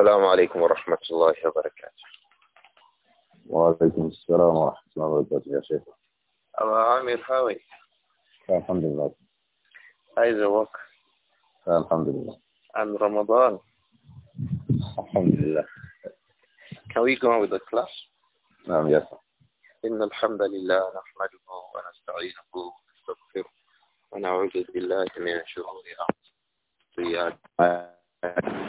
السلام عليكم ورحمة الله وبركاته وعليكم السلام ورحمة الله وبركاته يا شيخ أبا عامر هاوي الحمد لله عايز وك الحمد لله عن رمضان الحمد لله Can we go on with the class? نعم يا إن الحمد لله نحمده ونستعينه ونستغفره ونعوذ بالله من شرور أنفسنا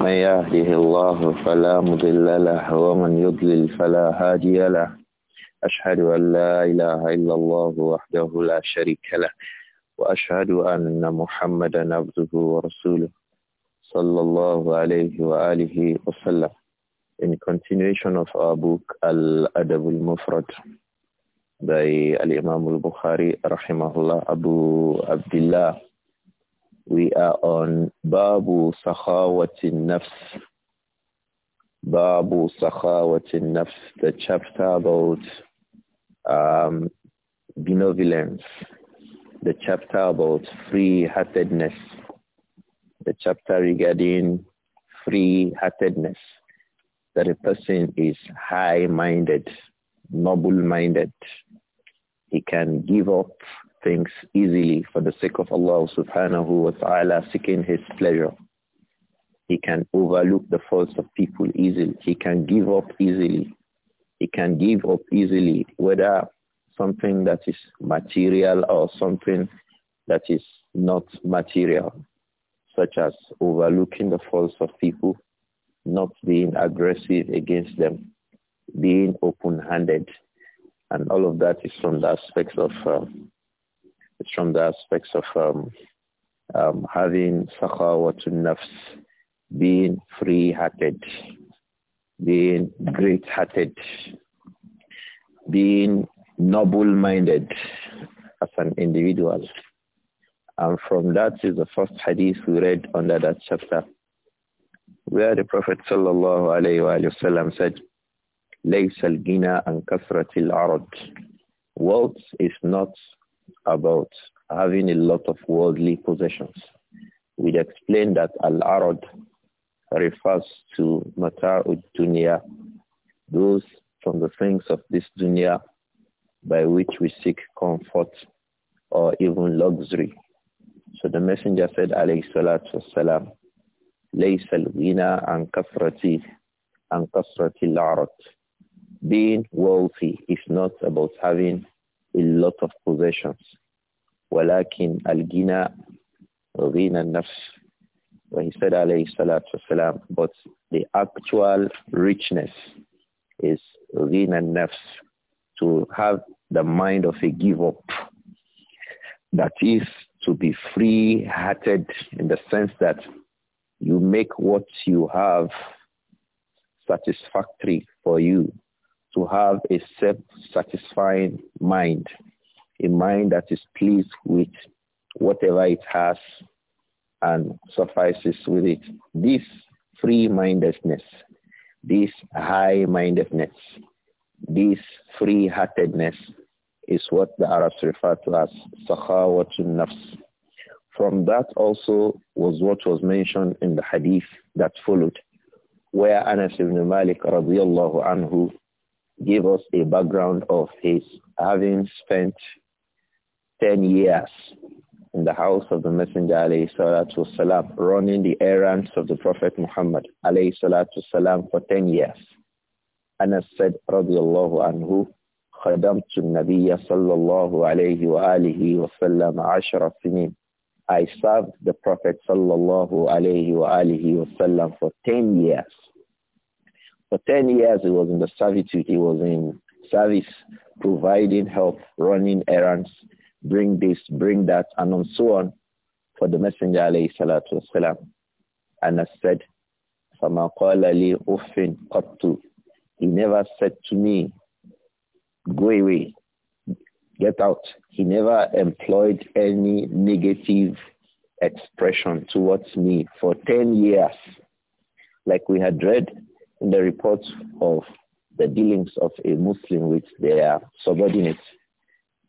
من يهده الله فلا مضل له ومن يضلل فلا هادي له أشهد أن لا إله إلا الله وحده لا شريك له وأشهد أن محمدا عبده ورسوله صلى الله عليه وآله وسلم In continuation of our book Al-Adab al-Mufrad by Al-Imam al-Bukhari rahimahullah Abu Abdullah We are on Babu Sakhawatin Nafs. Babu Sakhawatin Nafs, the chapter about um, benevolence, the chapter about free-heartedness, the chapter regarding free-heartedness, that a person is high-minded, noble-minded. He can give up things easily for the sake of Allah subhanahu wa ta'ala seeking his pleasure. He can overlook the faults of people easily. He can give up easily. He can give up easily, whether something that is material or something that is not material, such as overlooking the faults of people, not being aggressive against them, being open-handed. And all of that is from the aspects of uh, it's from the aspects of um, um, having sakhawatun nafs, being free-hearted, being great-hearted, being noble-minded as an individual. And from that is the first hadith we read under that chapter, where the Prophet sallallahu alaihi wasallam said, "Lays al-gina an kasratil arad." Wealth is not about having a lot of worldly possessions. We explained that al-arad refers to mata'ud dunya, those from the things of this dunya by which we seek comfort or even luxury. So the messenger said, alayhi salatu wassalam, ليس الغنى عن كثرة عن كثرة العرض. Being wealthy is not about having a lot of possessions. ولكن الغنى غنى النفس. وَهِيَ he said alayhi salatu but the actual richness is غنى النفس, to have the mind of a give-up. That is to be free-hearted in the sense that you make what you have satisfactory for you to have a self-satisfying mind, a mind that is pleased with whatever it has and suffices with it. This free-mindedness, this high-mindedness, this free-heartedness is what the Arabs refer to as sakhawatun nafs. From that also was what was mentioned in the hadith that followed, where Anas ibn Malik radiallahu anhu gave us a background of his having spent 10 years in the house of the Messenger alayhi salatu salam, running the errands of the Prophet Muhammad alayhi salatu salam for 10 years. Anas said radiallahu anhu, خدمت النبي صلى الله عليه وآله وسلم عشر سنين. I served the Prophet alayhi الله عليه وآله for 10 years. For 10 years, he was in the servitude. He was in service, providing help, running errands, bring this, bring that, and on so on for the Messenger alayhi salatu wasalam. And I said, فَمَا قَالَ لِي أُفٍ He never said to me, go away, get out. He never employed any negative expression towards me for 10 years. Like we had read the reports of the dealings of a Muslim with their subordinates,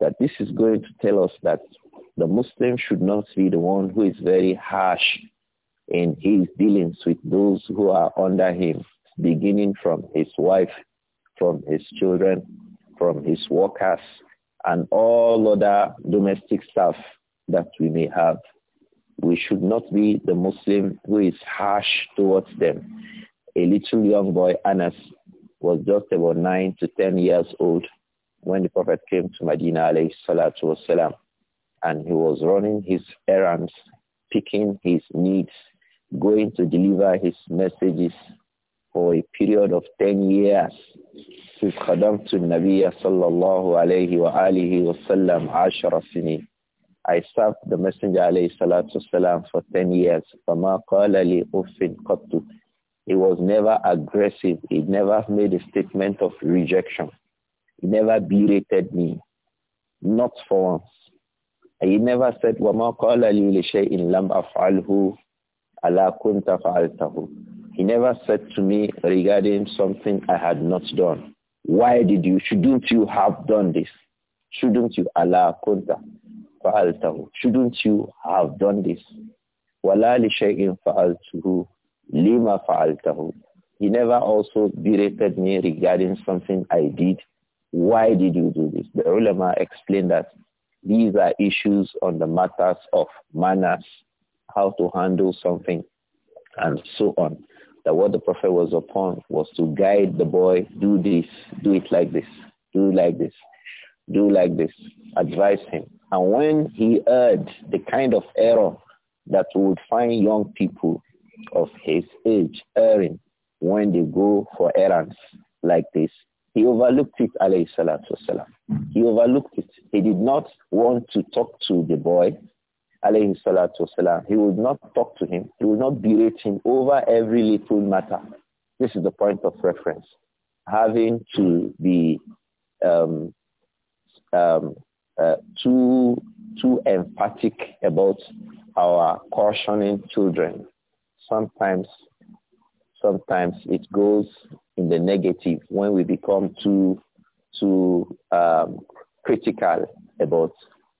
that this is going to tell us that the Muslim should not be the one who is very harsh in his dealings with those who are under him, beginning from his wife, from his children, from his workers, and all other domestic staff that we may have. We should not be the Muslim who is harsh towards them a little young boy, Anas, was just about 9 to 10 years old when the Prophet came to Medina, alayhi salatu wasalam, and he was running his errands, picking his needs, going to deliver his messages for a period of 10 years. إذ خدمت النبي صلى الله عليه وآله وسلم عشر سنين. I served the Messenger عليه الصلاة والسلام for 10 years. فما قال لي أف قط he was never aggressive. He never made a statement of rejection. He never berated me. Not for once. He never said, وَمَا قَالَ لِي لِشَيْءٍ لَمْ أَفْعَلْهُ أَلَا كُنْتَ فَعَلْتَهُ He never said to me regarding something I had not done. Why did you? Shouldn't you have done this? Shouldn't you? الا kunta كُنْتَ فَعَلْتَهُ Shouldn't you have done this? وَلَا لِشَيْءٍ فَعَلْتُهُ Lima fa'altahu. He never also berated me regarding something I did. Why did you do this? The ulama explained that these are issues on the matters of manners, how to handle something, and so on. That what the Prophet was upon was to guide the boy, do this, do it like this, do like this, do like this, advise him. And when he heard the kind of error that would find young people, of his age, erring, when they go for errands like this. He overlooked it, alayhi salatu wasalam. He overlooked it. He did not want to talk to the boy, alayhi salatu wasalam. He would not talk to him. He would not berate him over every little matter. This is the point of reference. Having to be um, um, uh, too, too emphatic about our cautioning children sometimes sometimes it goes in the negative when we become too too um, critical about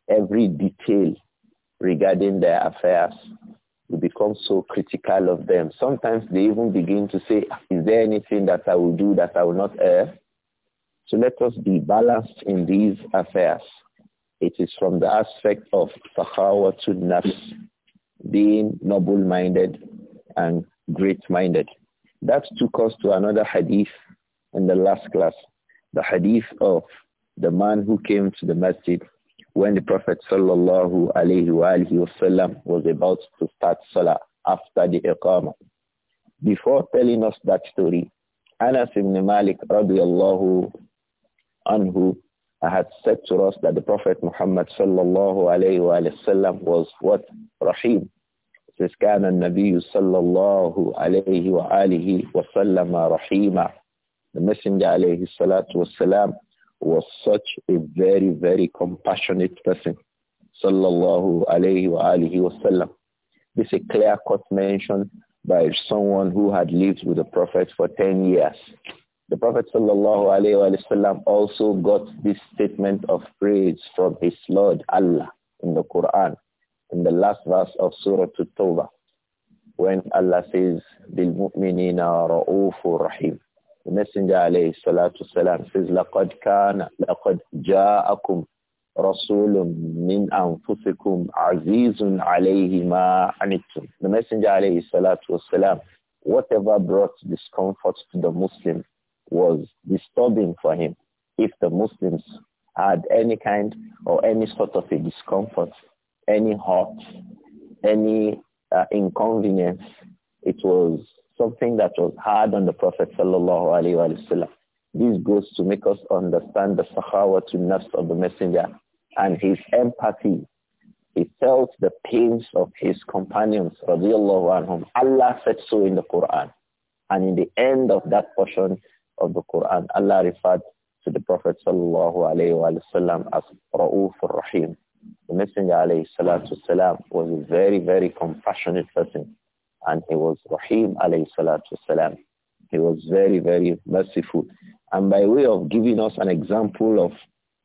every detail regarding their affairs. We become so critical of them. Sometimes they even begin to say, is there anything that I will do that I will not err?" So let us be balanced in these affairs. It is from the aspect of to nafs, being noble-minded, and great-minded. That took us to another hadith in the last class, the hadith of the man who came to the masjid when the Prophet sallallahu alayhi wasallam was about to start salah after the iqamah. Before telling us that story, Anas ibn Malik radiallahu anhu had said to us that the Prophet Muhammad sallallahu alayhi wasallam was what? Rahim. كان النبي صلى الله عليه وآله وسلم رحيما. The Messenger عليه الصلاة والسلام was such a very, very compassionate person. صلى الله عليه وآله وسلم. This is a clear-cut mention by someone who had lived with the Prophet for 10 years. The Prophet ﷺ also got this statement of praise from his Lord Allah in the Quran in the last verse of Surah At-Tawbah when Allah says, بِالْمُؤْمِنِينَ رَؤُوفُ رَحِيمٌ The Messenger alayhi salatu salam says, لَقَدْ كَانَ لَقَدْ جَاءَكُمْ رَسُولٌ مِّنْ أَنفُسِكُمْ عَزِيزٌ عَلَيْهِ مَا عَنِتُمْ The Messenger alayhi salatu salam, whatever brought discomfort to the Muslim was disturbing for him. If the Muslims had any kind or any sort of a discomfort, any hurt, any uh, inconvenience. It was something that was hard on the Prophet sallallahu alaihi wasallam. This goes to make us understand the sahawa to of the messenger and his empathy. He felt the pains of his companions, radiallahu anhum. Allah said so in the Quran. And in the end of that portion of the Quran, Allah referred to the Prophet sallallahu alaihi wasallam as Ra'uf rahim the Messenger alayhi salatu salam was a very, very compassionate person. And he was Rahim alayhi salatu salam. He was very, very merciful. And by way of giving us an example of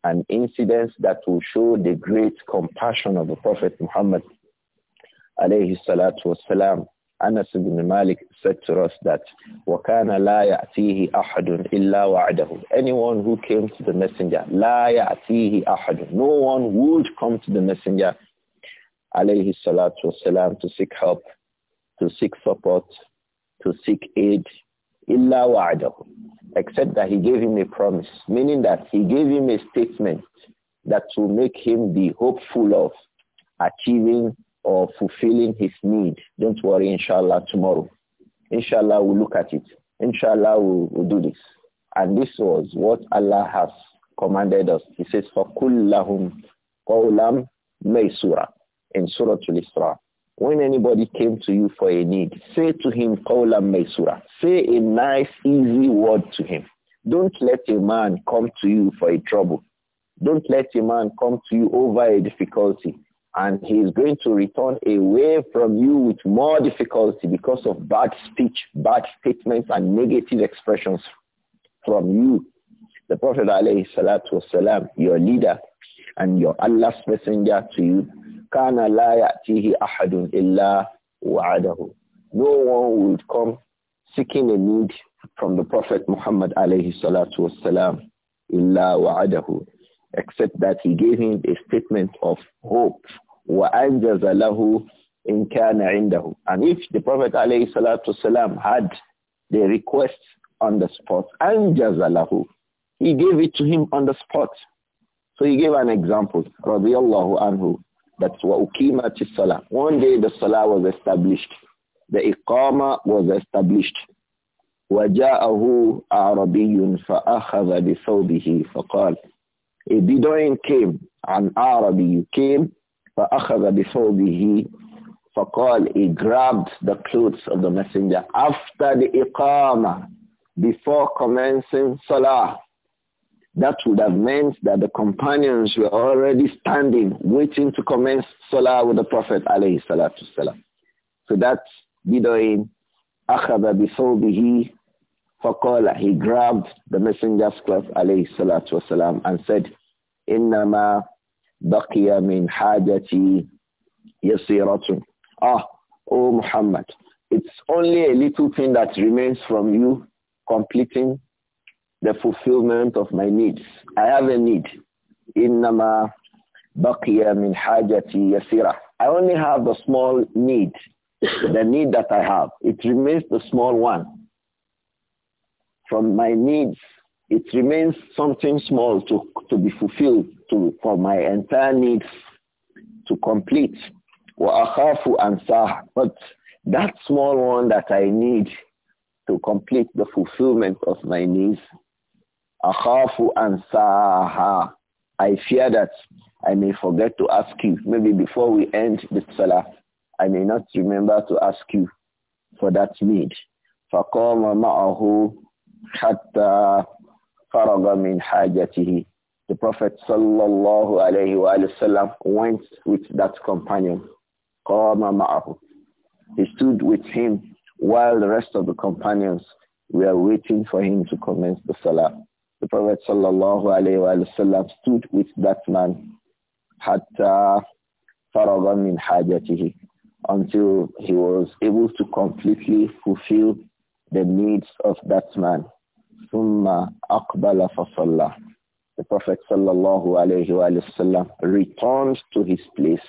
an incident that will show the great compassion of the Prophet Muhammad alayhi salatu wasalam Anas ibn Malik said to us that وَكَانَ لَا أَحَدٌ إِلَّا وَعْدَهُ Anyone who came to the messenger, لَا يَأْتِيهِ أَحَدٌ No one would come to the messenger, عليه salatu to seek help, to seek support, to seek aid, إِلَّا وَعْدَهُ Except that he gave him a promise, meaning that he gave him a statement that will make him be hopeful of achieving or fulfilling his need. Don't worry, inshallah, tomorrow. Inshallah, we'll look at it. Inshallah, we'll, we'll do this. And this was what Allah has commanded us. He says, فَقُلْ لَهُمْ قَوْلًا مَيْسُورًا in Surah Al-Isra. When anybody came to you for a need, say to him, قَوْلًا مَيْسُورًا. Say a nice, easy word to him. Don't let a man come to you for a trouble. Don't let a man come to you over a difficulty and he is going to return away from you with more difficulty because of bad speech, bad statements, and negative expressions from you. The Prophet والسلام, your leader and your Allah's messenger to you, كَانَ لَا يَأْتِيهِ أَحَدٌ إِلَّا وَعَدَهُ No one would come seeking a need from the Prophet Muhammad alayhi salatu wasalam, إِلَّا وَعَدَهُ except that he gave him a statement of hope وَأَنْجَزَ لَهُ إِنْ كَانَ عِنْدَهُ And if the Prophet والسلام, had the request on the spot, أَنْجَزَ لَهُ He gave it to him on the spot. So he gave an example, رضي الله عنه, that's وَأُقِيمَتِ الصَّلَةِ One day the salah was established. The iqama was established. وَجَاءَهُ أَعْرَبِيٌّ فَأَخَذَ بِثَوْبِهِ فَقَالَ A Bedouin came, an Arabi came, فأخذ بثوبه فقال he grabbed the clothes of the messenger after the iqama before commencing salah that would have meant that the companions were already standing waiting to commence salah with the prophet alayhi salatu salam so that bidoin أَخَذَ bithawbihi فَقَالَ he grabbed the messenger's cloth alayhi salatu and said إِنَّمَا بقي من حاجتي يسيرة Ah, oh Muhammad, it's only a little thing that remains from you completing the fulfillment of my needs. I have a need. إنما بقي من حاجتي يسيرة I only have the small need, the need that I have. It remains the small one. From my needs, it remains something small to, to be fulfilled to, for my entire needs to complete. وَأَخَافُ أَنْسَاهُ But that small one that I need to complete the fulfillment of my needs, أَخَافُ أَنْسَاهَا I fear that I may forget to ask you. Maybe before we end the salah, I may not remember to ask you for that need. فَقَامَ مَعَهُ حَتَّى faraga min hajatihi. The Prophet sallallahu alayhi wa sallam went with that companion. Qama ma'ahu. He stood with him while the rest of the companions were waiting for him to commence the salah. The Prophet sallallahu alayhi wa sallam stood with that man hatta faraga min hajatihi until he was able to completely fulfill the needs of that man. Summa akbala fasallah. the Prophet sallallahu alayhi wasallam returns to his place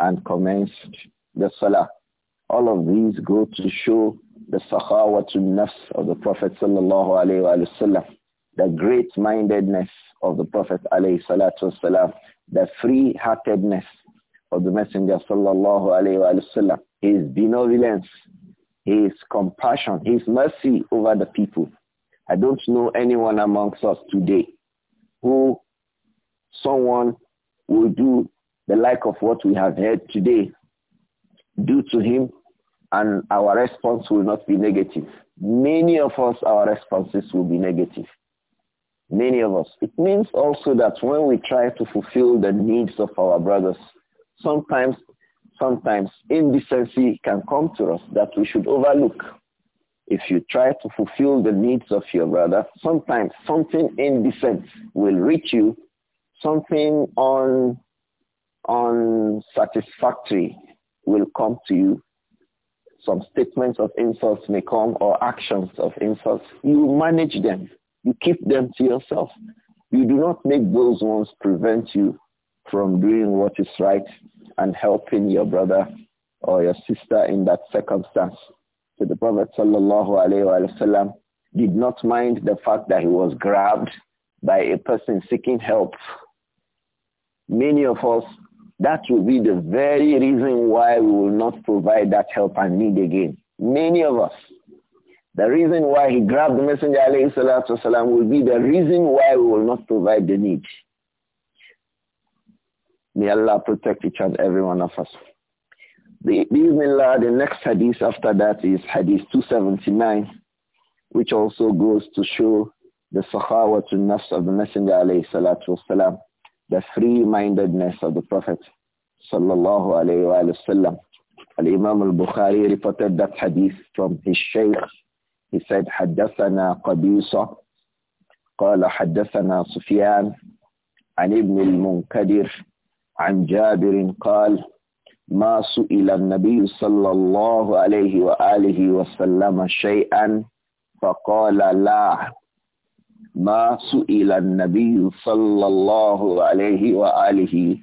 and commenced the salah. All of these go to show the sakhawatun nafs of the Prophet sallallahu alayhi wasallam, the great-mindedness of the Prophet alayhi salatu wasallam, the free-heartedness of the Messenger sallallahu alayhi wasallam, his benevolence, his compassion, his mercy over the people I don't know anyone amongst us today who someone will do the like of what we have heard today do to him and our response will not be negative. Many of us, our responses will be negative. Many of us. It means also that when we try to fulfill the needs of our brothers, sometimes, sometimes indecency can come to us that we should overlook. If you try to fulfill the needs of your brother, sometimes something indecent will reach you, something un, unsatisfactory will come to you. Some statements of insults may come or actions of insults. You manage them. You keep them to yourself. You do not make those ones prevent you from doing what is right and helping your brother or your sister in that circumstance the Prophet sallallahu did not mind the fact that he was grabbed by a person seeking help. Many of us, that will be the very reason why we will not provide that help and need again. Many of us. The reason why he grabbed the Messenger والسلام, will be the reason why we will not provide the need. May Allah protect each and every one of us. The, uh, the next hadith after that is hadith 279, which also goes to show the sakhawatun nafs of the Messenger alayhi salatu wasalam, the free-mindedness of the Prophet sallallahu alayhi wa sallam. Al-Imam al-Bukhari reported that hadith from his shaykh. He said, حدثنا قبيصة قال حدثنا سفيان عن ابن المنكدر عن جابر قال ما سئل النبي صلى الله عليه وآله وسلم شيئا فقال لا ما سئل النبي صلى الله عليه وآله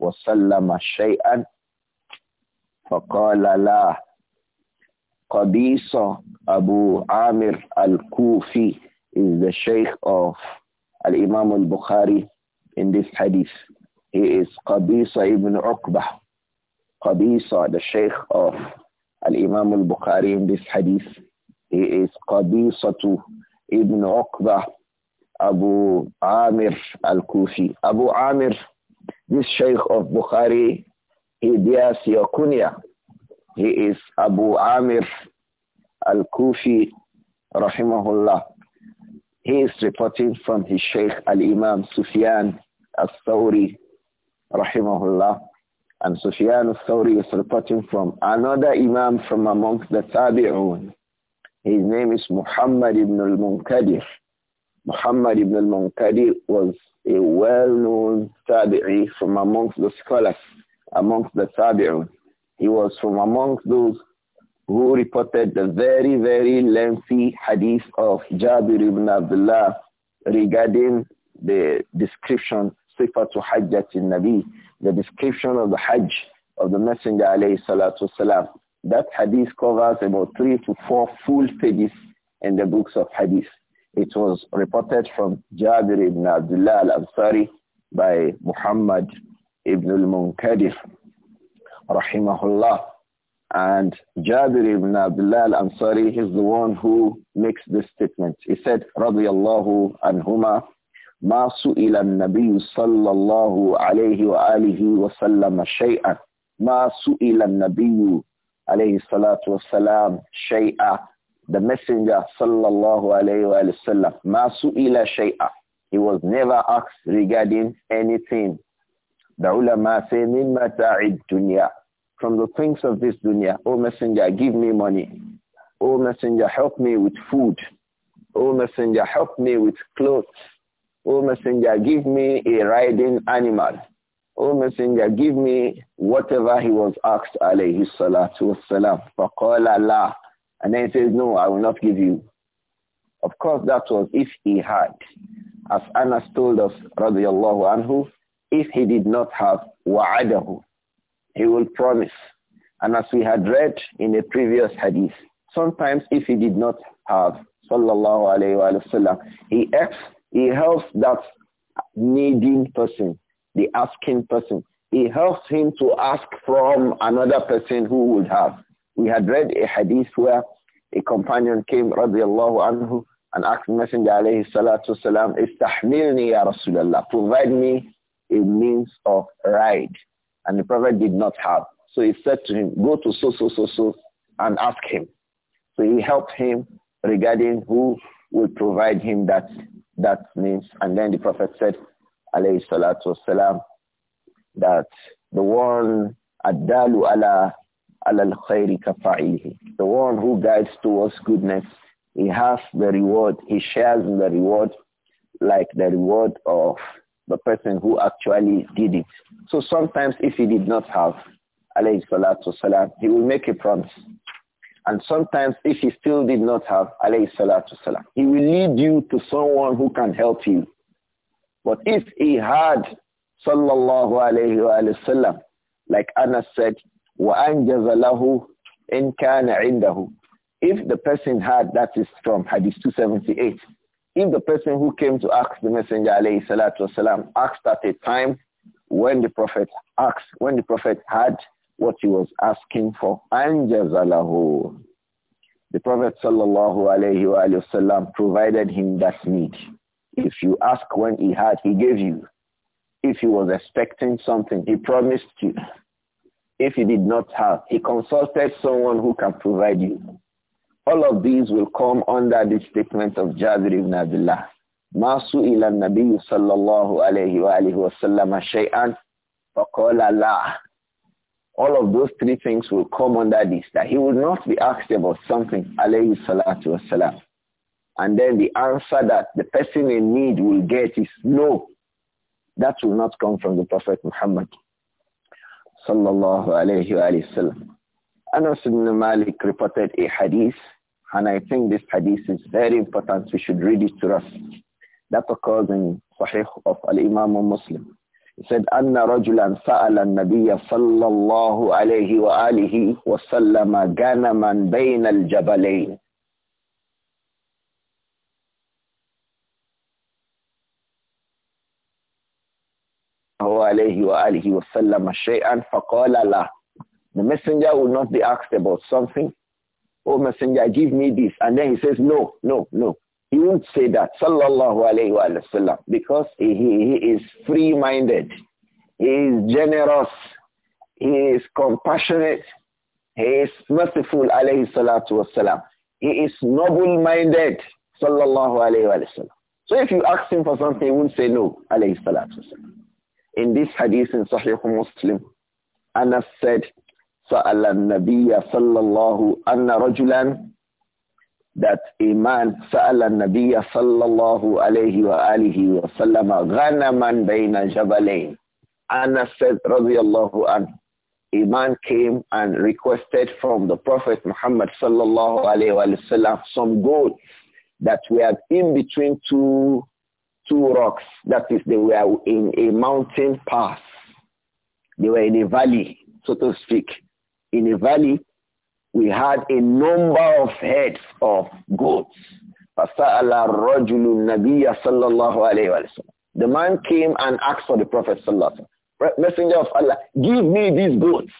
وسلم شيئا فقال لا Qadisa Abu Amir al-Kufi is the sheikh of al-Imam al-Bukhari in this hadith. He is Qadisa ibn Uqbah. Qabisa, the sheikh of Al-Imam al-Bukhari in this hadith, he is Qabisatu ibn Uqbah Abu Amir al-Kufi. Abu Amir, this sheikh of Bukhari, he bears your kunya. He is Abu Amir al-Kufi, rahimahullah. He is reporting from his sheikh al-Imam Sufyan al-Thawri, rahimahullah. And Sufyan al-Thawri is reporting from another Imam from amongst the Tabi'un. His name is Muhammad ibn al-Munkadir. Muhammad ibn al-Munkadir was a well-known Tabi'i from amongst the scholars, amongst the Tabi'un. He was from amongst those who reported the very, very lengthy hadith of Jabir ibn Abdullah regarding the description Sifatu Hajjatin Nabi, the description of the Hajj of the Messenger alayhi salatu That hadith covers about three to four full pages in the books of hadith. It was reported from Jabir ibn Abdullah al-Ansari by Muhammad ibn al-Munkadir rahimahullah. And Jabir ibn Abdullah al-Ansari is the one who makes this statement. He said, radiyallahu anhuma, ما سئل النبي صلى الله عليه وآله وسلم شيئا ما سئل النبي عليه الصلاة والسلام شيئا the messenger صلى الله عليه وسلم ما سئل شيئا he was never asked regarding anything the ulama say من متاع الدنيا from the things of this dunya O messenger give me money O messenger help me with food O messenger help me with clothes O messenger, give me a riding animal. O messenger, give me whatever he was asked, alayhi salatu wassalam. Faqala Allah, And then he says, no, I will not give you. Of course, that was if he had. As Anas told us, radiallahu anhu, if he did not have wa'adahu, he will promise. And as we had read in a previous hadith, sometimes if he did not have, sallallahu alayhi wa sallam, he asked he helps that needing person, the asking person. He helps him to ask from another person who would have. We had read a hadith where a companion came, radiallahu anhu, and asked Messenger alayhi salatu salam, Istahmilni ya Rasulallah, provide me a means of ride. And the Prophet did not have. So he said to him, go to so, so, so, so, and ask him. So he helped him regarding who will provide him that that means, and then the Prophet said, alayhi salatu wasalam, that the one, adalu ala alal khayri kafa'ilihi. The one who guides towards goodness, he has the reward, he shares in the reward like the reward of the person who actually did it. So sometimes if he did not have, alayhi salatu wasalam, he will make a promise. And sometimes if he still did not have, alayhi salatu salam, he will lead you to someone who can help you. But if he had, sallallahu alayhi wa sallam, like Anas said, وَأَنْجَزَ لَهُ إِنْ كَانَ عِنْدَهُ If the person had, that is from Hadith 278, if the person who came to ask the Messenger alayhi salatu salam asked at a time when the Prophet asked, when the Prophet had what he was asking for. Anjazalahu. The Prophet sallallahu provided him that need. If you ask when he had, he gave you. If he was expecting something, he promised you. If he did not have, he consulted someone who can provide you. All of these will come under the statement of Jabir ibn Abdullah. ما سئل النبي صلى الله عليه وآله وسلم شيئا فقال لا all of those three things will come under this, that he will not be asked about something, alayhi salatu wasalam. And then the answer that the person in need will get is no. That will not come from the Prophet Muhammad. Sallallahu alayhi wa sallam. Anas ibn Malik reported a hadith, and I think this hadith is very important. We should read it to us. That occurs in Sahih of Al-Imam Muslim. He said, أن رجلا سأل النبي صلى الله عليه وآله وسلم غنما بين wa alihi wa sallama shay'an فقال la The messenger will not be asked about something. Oh messenger, give me this. And then he says, no, no, no. He would say that, sallallahu alayhi wa sallam, because he, he is free-minded. He is generous. He is compassionate. He is merciful, alayhi salatu wasalam. He is noble-minded, sallallahu alayhi wa sallam. So if you ask him for something, he won't say no, alayhi salatu wasalam. In this hadith in Sahih Muslim, Anas said, سأل النبي صلى الله أن رجلا that a man سأل النبي صلى الله عليه وآله وسلم غنما بين جبلين said رضي الله عنه a man came and requested from the Prophet Muhammad sallallahu alayhi wasallam some gold that were in between two two rocks. That is, they were in a mountain pass. They were in a valley, so to speak, in a valley we had a number of heads of goats. The man came and asked for the Prophet sallallahu Messenger of Allah, give me these goats.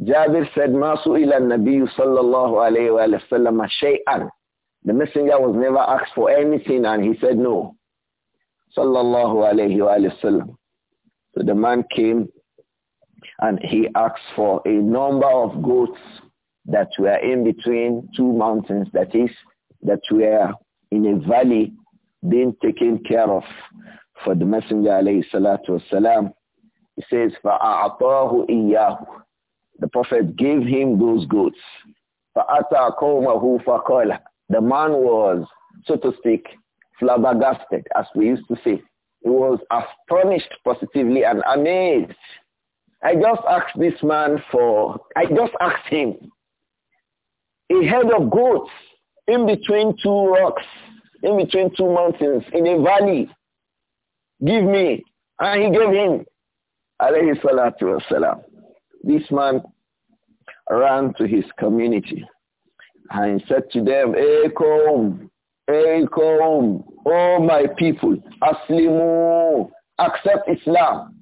Jabir said, Masu ila sallallahu alayhi The messenger was never asked for anything and he said no. Sallallahu alayhi So the man came and he asked for a number of goats that were in between two mountains, that is, that were in a valley being taken care of for the Messenger alayhi salatu wasalam. He says, فَأَعْطَاهُ إِيَّاهُ The Prophet gave him those goats. فَأَتَى قَوْمَهُ فَقَالَ The man was, so to speak, flabbergasted, as we used to say. He was astonished positively and amazed I just asked this man for, I just asked him a head of goats in between two rocks, in between two mountains, in a valley. Give me. And he gave him, alayhi salatu wasalam. This man ran to his community and said to them, Akom, Akom, oh my people, Aslimu, accept Islam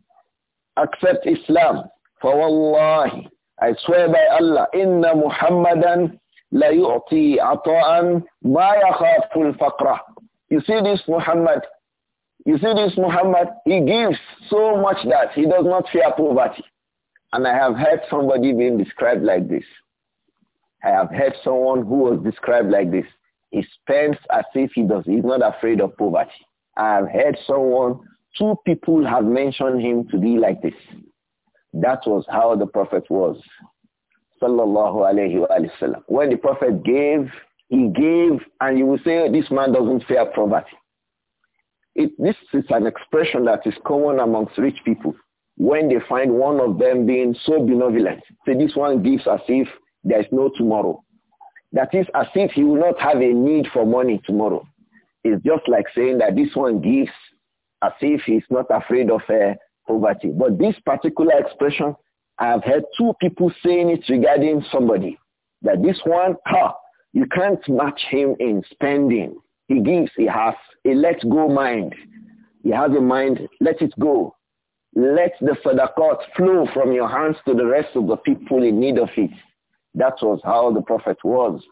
accept Islam. فوالله I swear by Allah, إن محمدا لا يعطي عطاء ما يخاف الفقر. You see this Muhammad, you see this Muhammad, he gives so much that he does not fear poverty. And I have heard somebody being described like this. I have heard someone who was described like this. He spends as if he does. He's not afraid of poverty. I have heard someone Two people have mentioned him to be like this. That was how the Prophet was. Sallallahu alayhi wa sallam. When the Prophet gave, he gave, and you will say, this man doesn't fear poverty. It, this is an expression that is common amongst rich people. When they find one of them being so benevolent, say this one gives as if there is no tomorrow. That is as if he will not have a need for money tomorrow. It's just like saying that this one gives as if he's not afraid of uh, poverty. But this particular expression, I have heard two people saying it regarding somebody, that this one, ha, you can't match him in spending. He gives, he has a let go mind. He has a mind, let it go. Let the sadaqat flow from your hands to the rest of the people in need of it. That was how the Prophet was,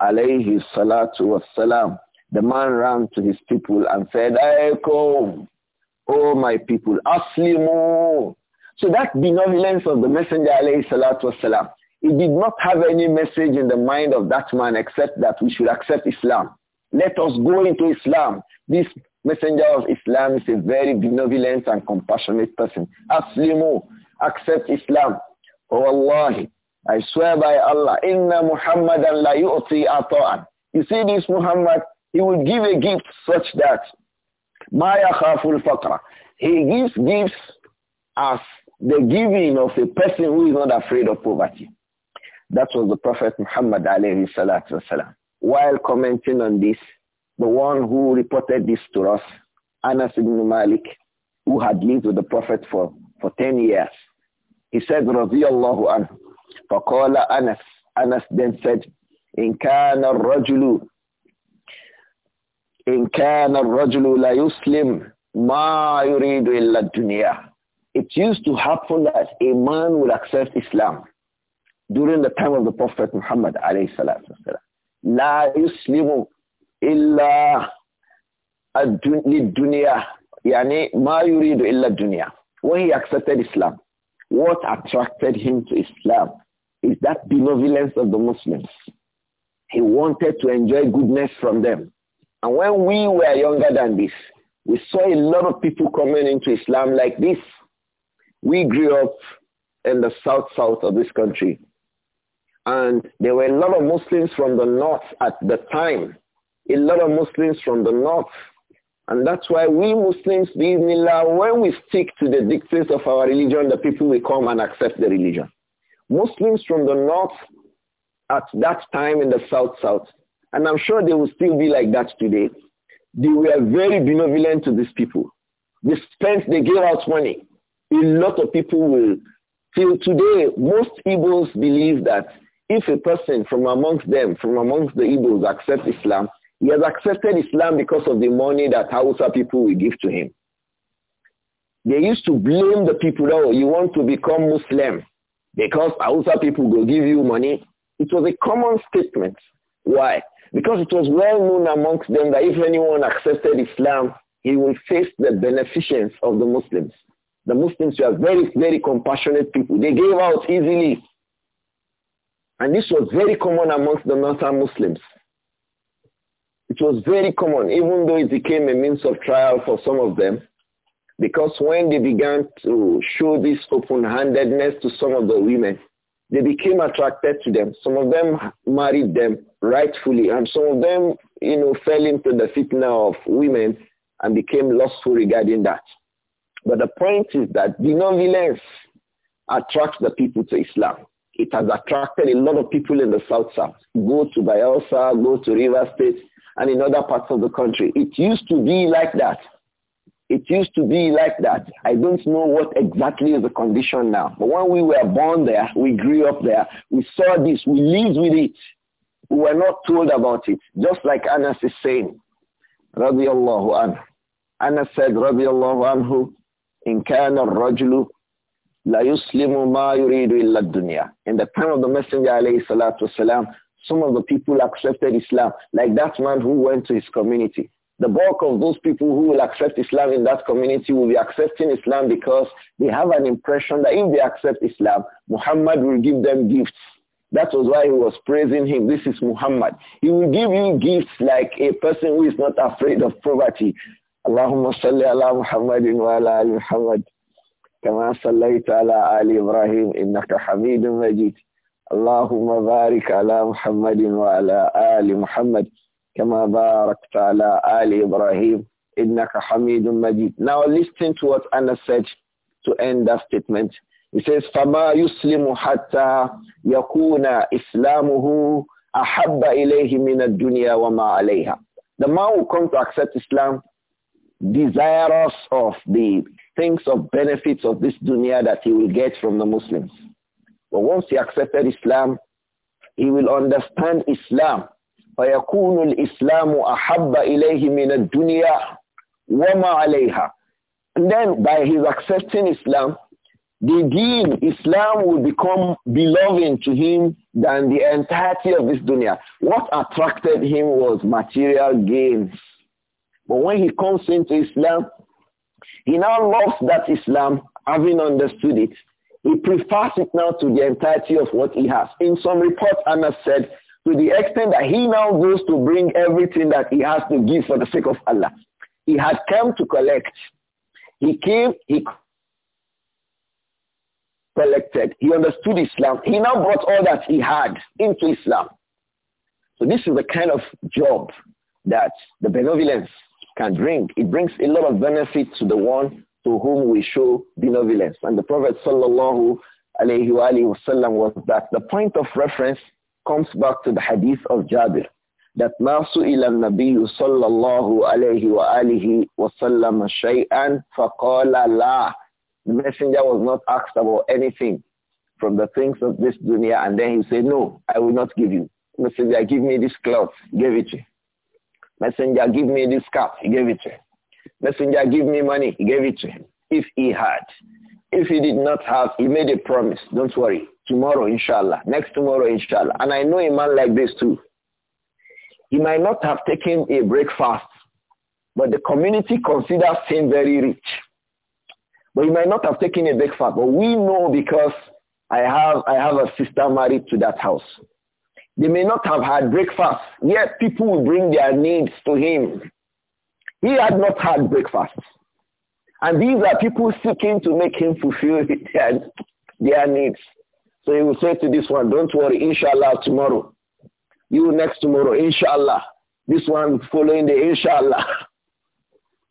alayhi salatu wassalam. The man ran to his people and said, call oh my people, aslimu. So that benevolence of the Messenger alayhi salatu wasalam, it did not have any message in the mind of that man except that we should accept Islam. Let us go into Islam. This messenger of Islam is a very benevolent and compassionate person. Aslimu, accept Islam. Oh Allah, I swear by Allah, inna Muhammadan la yu'ti ata'an. You see this Muhammad, he will give a gift such that Maya Khaful Fakra. He gives gifts as the giving of a person who is not afraid of poverty. That was the Prophet Muhammad alayhi salatu wasalam. While commenting on this, the one who reported this to us, Anas ibn Malik, who had lived with the Prophet for, for 10 years, he said, radiyallahu anhu, فقال Anas, Anas then said, إن كان الرجل إن كان الرجل لا يسلم ما يريد إلا الدنيا It used to happen that a man will accept Islam during the time of the Prophet Muhammad alayhi salatu wasalam. لا يسلم إلا الدنيا يعني ما يريد إلا الدنيا. When he accepted Islam, what attracted him to Islam is that benevolence of the Muslims. He wanted to enjoy goodness from them. And when we were younger than this, we saw a lot of people coming into Islam like this. We grew up in the south-south of this country. And there were a lot of Muslims from the north at the time. A lot of Muslims from the north. And that's why we Muslims, bismillah, when we stick to the dictates of our religion, the people will come and accept the religion. Muslims from the north at that time in the south-south, and I'm sure they will still be like that today, they were very benevolent to these people. They spent, they gave out money. A lot of people will, till today, most Igbos believe that if a person from amongst them, from amongst the Igbos accepts Islam, he has accepted Islam because of the money that Hausa people will give to him. They used to blame the people, oh, you want to become Muslim because Hausa people will give you money. It was a common statement. Why? Because it was well known amongst them that if anyone accepted Islam, he will face the beneficence of the Muslims. The Muslims were very, very compassionate people. They gave out easily. And this was very common amongst the northern Muslims. It was very common, even though it became a means of trial for some of them, because when they began to show this open-handedness to some of the women, they became attracted to them. Some of them married them rightfully, and some of them, you know, fell into the fitna of women and became lustful regarding that. But the point is that the non-violence attracts the people to Islam. It has attracted a lot of people in the South-South. Go to Bayelsa, go to River State, and in other parts of the country. It used to be like that. It used to be like that. I don't know what exactly is the condition now. But when we were born there, we grew up there, we saw this, we lived with it. We were not told about it. Just like Anas is saying, رضي الله عنه. Anas said, رضي الله عنه, إن كان الرجل لا يسلم ما يريد إلا الدنيا. In the time of the Messenger عليه الصلاة والسلام, some of the people accepted Islam, like that man who went to his community. The bulk of those people who will accept Islam in that community will be accepting Islam because they have an impression that if they accept Islam, Muhammad will give them gifts. That was why he was praising him. This is Muhammad. He will give you gifts like a person who is not afraid of poverty. Allahumma salli ala Muhammadin wa ala ali Muhammad. كما صليت على آل إبراهيم إنك حميد مجيد اللهم بارك على محمد وعلى آل محمد كما باركت على آل إبراهيم إنك حميد مجيد Now listen to what Anna said to end that statement. He says, فما يسلم حتى يكون إسلامه أحب إليه من الدنيا وما عليها. The man who comes to accept Islam desirous of the things of benefits of this dunya that he will get from the Muslims. But once he accepted Islam, he will understand Islam فيكون الإسلام أحب إليه dunya wa ma عليها. And then by his accepting Islam, the deen, Islam will become beloved to him than the entirety of this dunya. What attracted him was material gains. But when he comes into Islam, he now loves that Islam, having understood it. He prefers it now to the entirety of what he has. In some reports, Anna said to the extent that he now goes to bring everything that he has to give for the sake of Allah. He had come to collect. He came, he collected. He understood Islam. He now brought all that he had into Islam. So this is the kind of job that the benevolence can bring. It brings a lot of benefit to the one to whom we show benevolence. And the Prophet sallallahu alayhi wa sallam was that. The point of reference comes back to the hadith of Jabir that ما سئل النبي صلى الله عليه وآله وسلم شيئا فقال لا The messenger was not asked about anything from the things of this dunya and then he said, no, I will not give you. Messenger, give me this cloth. Give it to you. Messenger, give me this cup. He gave it to him. Messenger, give me money. He gave it to him. If he had. If he did not have, he made a promise. Don't worry tomorrow, inshallah, next tomorrow, inshallah. And I know a man like this too. He might not have taken a breakfast, but the community considers him very rich. But he might not have taken a breakfast. but we know because I have, I have a sister married to that house. They may not have had breakfast, yet people will bring their needs to him. He had not had breakfast. And these are people seeking to make him fulfill their, their needs. So he will say to this one, don't worry, inshallah, tomorrow. You next tomorrow, inshallah. This one following the inshallah.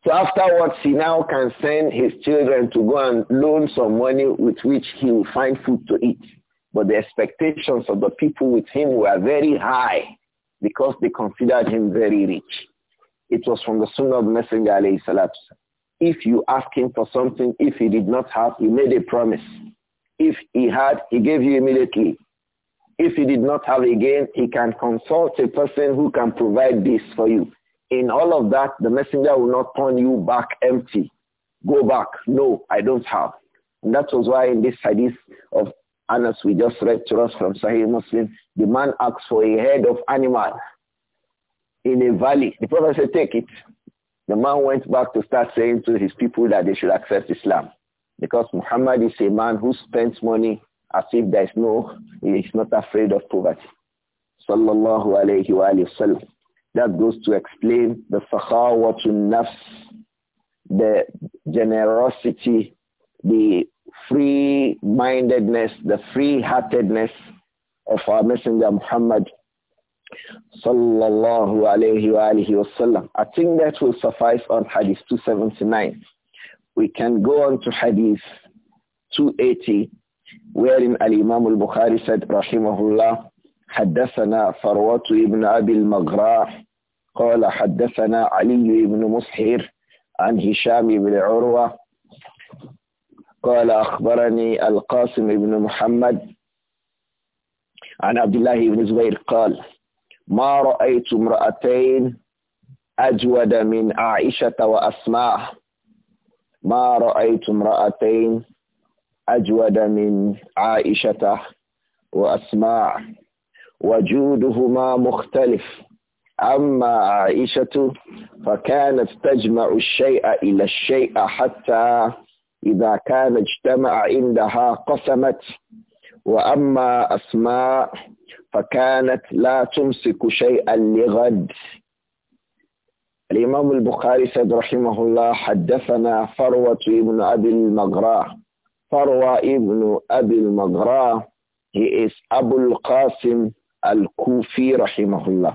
So afterwards, he now can send his children to go and loan some money with which he will find food to eat. But the expectations of the people with him were very high because they considered him very rich. It was from the Sunnah of Messenger alayhi salatu. If you ask him for something, if he did not have, he made a promise. If he had, he gave you immediately. If he did not have again, he can consult a person who can provide this for you. In all of that, the messenger will not turn you back empty. Go back. No, I don't have. And that was why in this hadith of Anas we just read to us from Sahih Muslim, the man asks for a head of animal in a valley. The Prophet said, take it. The man went back to start saying to his people that they should accept Islam. Because Muhammad is a man who spends money as if there is no, he is not afraid of poverty. Sallallahu alayhi wa, sallam. That goes to explain the sakhawatun nafs, the generosity, the free-mindedness, the free-heartedness of our messenger Muhammad sallallahu alayhi wa, alayhi I think that will suffice on hadith 279. We can go on to Hadith 280, wherein Al-Imam al-Bukhari said, Rahimahullah, حدثنا فروة ابن أبي المغراء قال حدثنا علي بن مسحر عن هشام بن عروة قال أخبرني القاسم بن محمد عن عبد الله بن زبير قال ما رأيت امرأتين أجود من عائشة وأسماء ما رأيت امرأتين أجود من عائشة وأسماع وجودهما مختلف أما عائشة فكانت تجمع الشيء إلى الشيء حتى إذا كان اجتمع عندها قسمت وأما أسماء فكانت لا تمسك شيئا لغد الإمام البخاري said رحمه الله حدثنا فروة ابن أبي المغراء فروة ابن أبي المغراء he is أبو القاسم الكوفي رحمه الله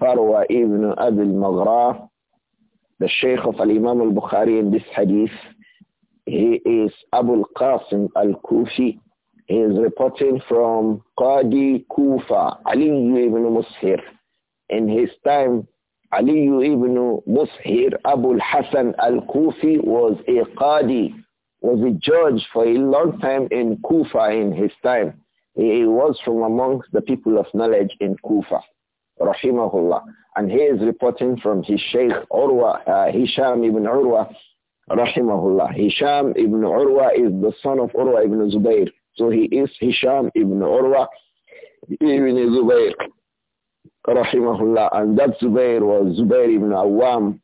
فروة ابن أبي المغراء the sheikh of Imam al-Bukhari in this hadith he is Abu al-Qasim al-Kufi he is reporting from Qadi Kufa Ali ibn Musir in his time Ali ibn Mushir Abu Hassan al-Kufi was a qadi, was a judge for a long time in Kufa in his time. He was from amongst the people of knowledge in Kufa, rahimahullah. And he is reporting from his sheikh Urwa, uh, Hisham ibn Urwa, rahimahullah. Hisham ibn Urwa is the son of Urwa ibn Zubayr. So he is Hisham ibn Urwa ibn Zubayr rahimahullah. And that Zubair was Zubair ibn Awam,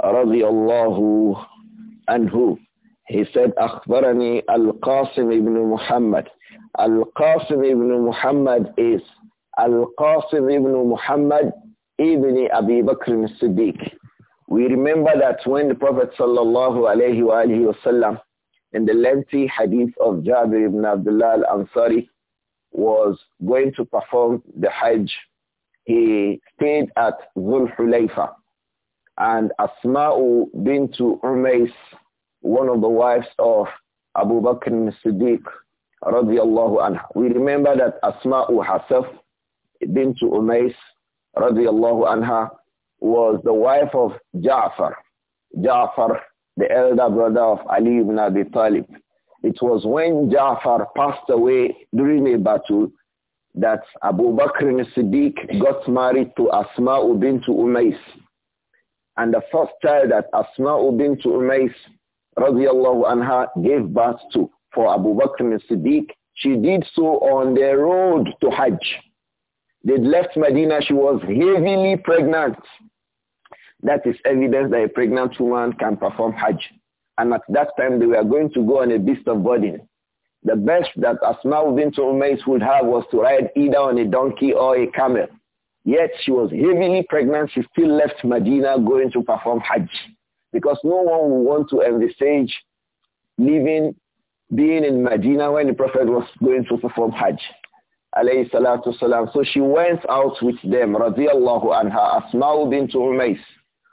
radiyallahu anhu. He said, al-Qasim ibn Muhammad. Al-Qasim ibn Muhammad is Al-Qasim ibn Muhammad ibn Abi Bakr siddiq We remember that when the Prophet sallallahu alayhi wa alayhi wasallam in the lengthy hadith of Jabir ibn Abdullah al-Ansari was going to perform the Hajj he stayed at Zul Hulayfa. And Asma'u bint Umays, one of the wives of Abu Bakr as-Siddiq, radiallahu anha. We remember that Asma'u herself, bint Umays, radiallahu anha, was the wife of Ja'far. Ja'far, the elder brother of Ali ibn Abi Talib. It was when Ja'far passed away during a battle that Abu Bakr al Siddiq got married to Asma bint Umayy, And the first child that Asma bint Umais radiallahu anha gave birth to for Abu Bakr al Siddiq, she did so on the road to Hajj. They left Medina, she was heavily pregnant. That is evidence that a pregnant woman can perform Hajj. And at that time they were going to go on a beast of burden. The best that Asma bint Umays would have was to ride either on a donkey or a camel. Yet she was heavily pregnant. She still left Medina going to perform Hajj because no one would want to envisage living, being in Medina when the Prophet was going to perform Hajj. Alayhi salatu salam. So she went out with them, radiallahu anha, Asma bint Umays.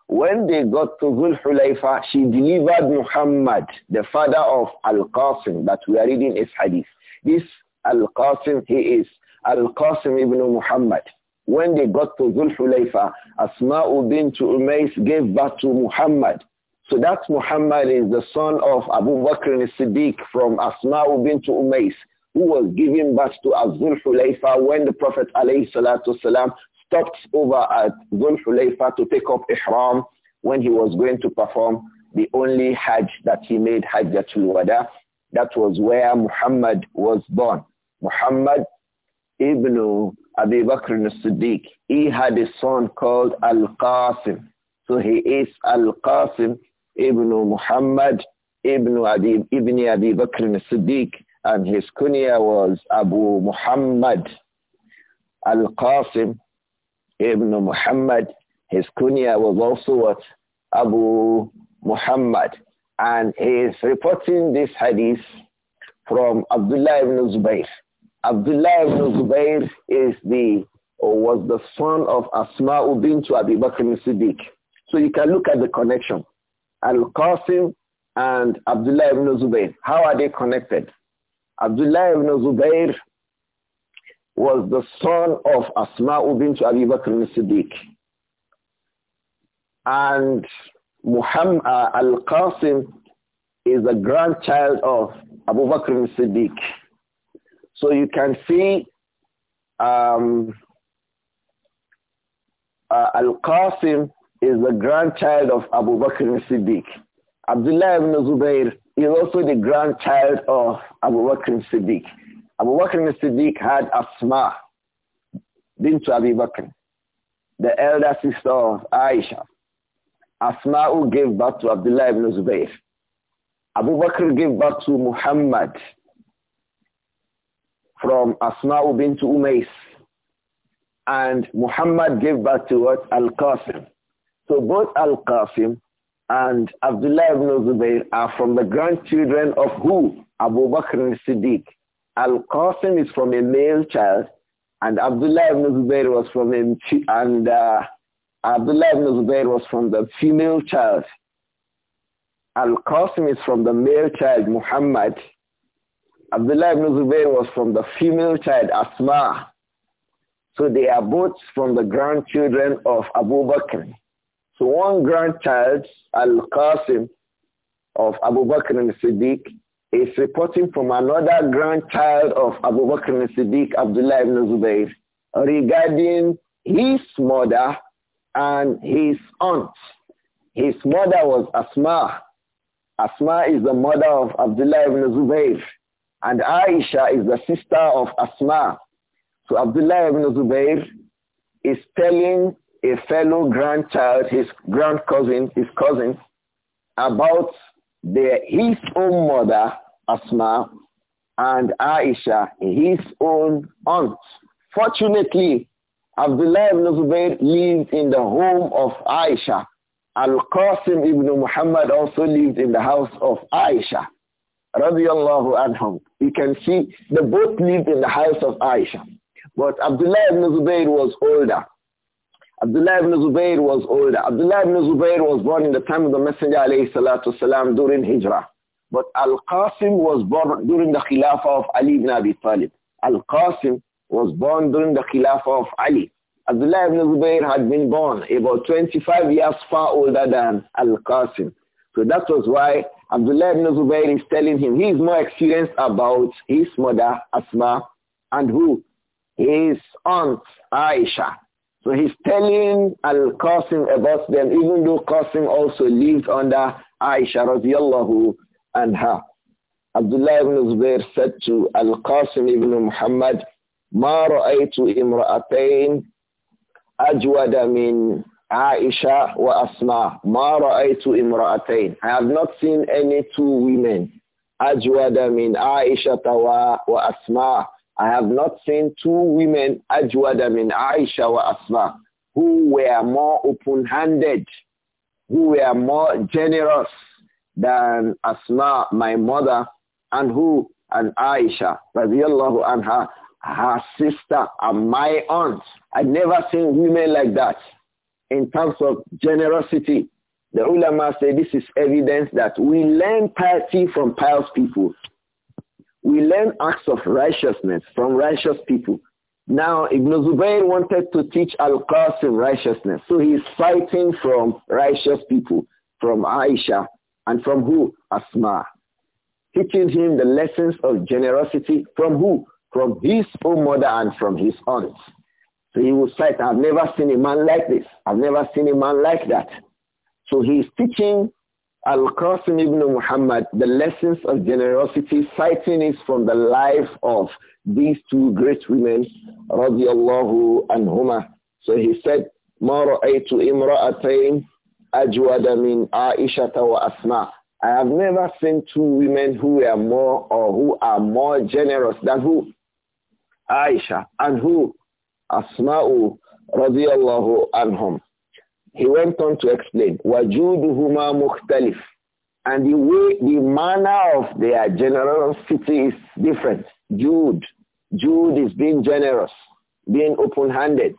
When they got to Zulhulayfa, she delivered Muhammad, the father of Al-Qasim that we are reading his hadith. This Al-Qasim, he is Al-Qasim ibn Muhammad. When they got to Zulhulayfa, Asma' Asma'u bint Umays gave birth to Muhammad. So that Muhammad is the son of Abu Bakr as-Siddiq from Asma'u bint Umays who was giving birth to Zulhulayfa when the Prophet alayhi salatu salam stopped over at Zul to take up Ihram when he was going to perform the only Hajj that he made, Hajjatul Wada. That was where Muhammad was born. Muhammad ibn Abi Bakr al-Siddiq. He had a son called Al-Qasim. So he is Al-Qasim ibn Muhammad ibn Abi, ibn Abi Bakr al-Siddiq. And his kunya was Abu Muhammad. Al-Qasim ibn Muhammad. His kunya was also what? Abu Muhammad. And he is reporting this hadith from Abdullah ibn Zubayr. Abdullah ibn Zubayr is the, or was the son of Asma bin to Abi Bakr al-Siddiq. So you can look at the connection. Al-Qasim and Abdullah ibn Zubayr, how are they connected? Abdullah ibn Zubayr was the son of Asma bint Abi Bakr al-Siddiq. And Muhammad uh, al-Qasim is the grandchild of Abu Bakr al-Siddiq. So you can see um, uh, al-Qasim is the grandchild of Abu Bakr al-Siddiq. Abdullah ibn Zubayr is also the grandchild of Abu Bakr al-Siddiq. Abu Bakr al-Siddiq had Asma bint Abi Bakr, the elder sister of Aisha. Asma who gave birth to Abdullah ibn Zubayr. Abu Bakr gave birth to Muhammad from Asma bint Umays. And Muhammad gave birth to what? Al-Qasim. So both Al-Qasim and Abdullah ibn Zubayr are from the grandchildren of who? Abu Bakr al-Siddiq. Al-Qasim is from a male child, and Abdullah ibn Zubair was from a, and uh, Abdullah ibn Zubair was from the female child. Al-Qasim is from the male child, Muhammad. Abdullah ibn Zubair was from the female child, Asma. So they are both from the grandchildren of Abu Bakr. So one grandchild, Al-Qasim, of Abu Bakr and Siddiq, is reporting from another grandchild of Abu Bakr al-Siddiq, Abdullah ibn Zubayr, regarding his mother and his aunt. His mother was Asma. Asma is the mother of Abdullah ibn Zubayr. And Aisha is the sister of Asma. So Abdullah ibn Zubayr is telling a fellow grandchild, his grand cousin, his cousin, about their, his own mother, Asma, and Aisha, his own aunt. Fortunately, Abdullah ibn Zubayr lived in the home of Aisha. Al-Qasim ibn Muhammad also lived in the house of Aisha. Radiallahu anhum. You can see the both lived in the house of Aisha. But Abdullah ibn Zubayr was older. Abdullah ibn Zubayr was older. Abdullah ibn Zubayr was born in the time of the Messenger alayhi salatu salam during Hijrah. But Al-Qasim was born during the Khilafah of Ali ibn Abi Talib. Al-Qasim was born during the Khilafah of Ali. Abdullah ibn Zubayr had been born about 25 years far older than Al-Qasim. So that was why Abdullah ibn Zubayr is telling him he is more experienced about his mother Asma and who? His aunt Aisha so he's telling Al-Qasim about them, even though Qasim also lived under Aisha radiallahu anha. Abdullah ibn Zubair said to Al-Qasim ibn Muhammad, ما رأيت امرأتين أجود من Aisha wa Asma. Ma ra'aytu imra'atayn. I have not seen any two women. Ajwada min Aisha wa, wa Asma. I have not seen two women, Ajwada and Aisha wa Asma, who were more open-handed, who were more generous than Asma, my mother, and who, and Aisha, radiallahu anha, her sister and my aunt. I've never seen women like that in terms of generosity. The ulama say this is evidence that we learn piety from pious people. We learn acts of righteousness from righteous people. Now, Ibn Zubayr wanted to teach Al-Qasim righteousness. So he's citing from righteous people, from Aisha, and from who? Asma. Teaching him the lessons of generosity from who? From his own mother and from his aunt. So he will cite, I've never seen a man like this. I've never seen a man like that. So he's teaching Al-Qasim ibn Muhammad, the lessons of generosity, citing is from the life of these two great women, radiallahu anhuma. So he said, مَا رَأَيْتُ إِمْرَأَتَيْنِ أَجْوَدَ مِنْ عَائِشَةَ وَأَسْمَاءَ I have never seen two women who are more or who are more generous than who? Aisha and who? Asma'u radiallahu anhum. He went on to explain, وَجُودُهُمَا مُخْتَلِفٌ And the way, the manner of their generosity is different. Jude, Jude is being generous, being open-handed.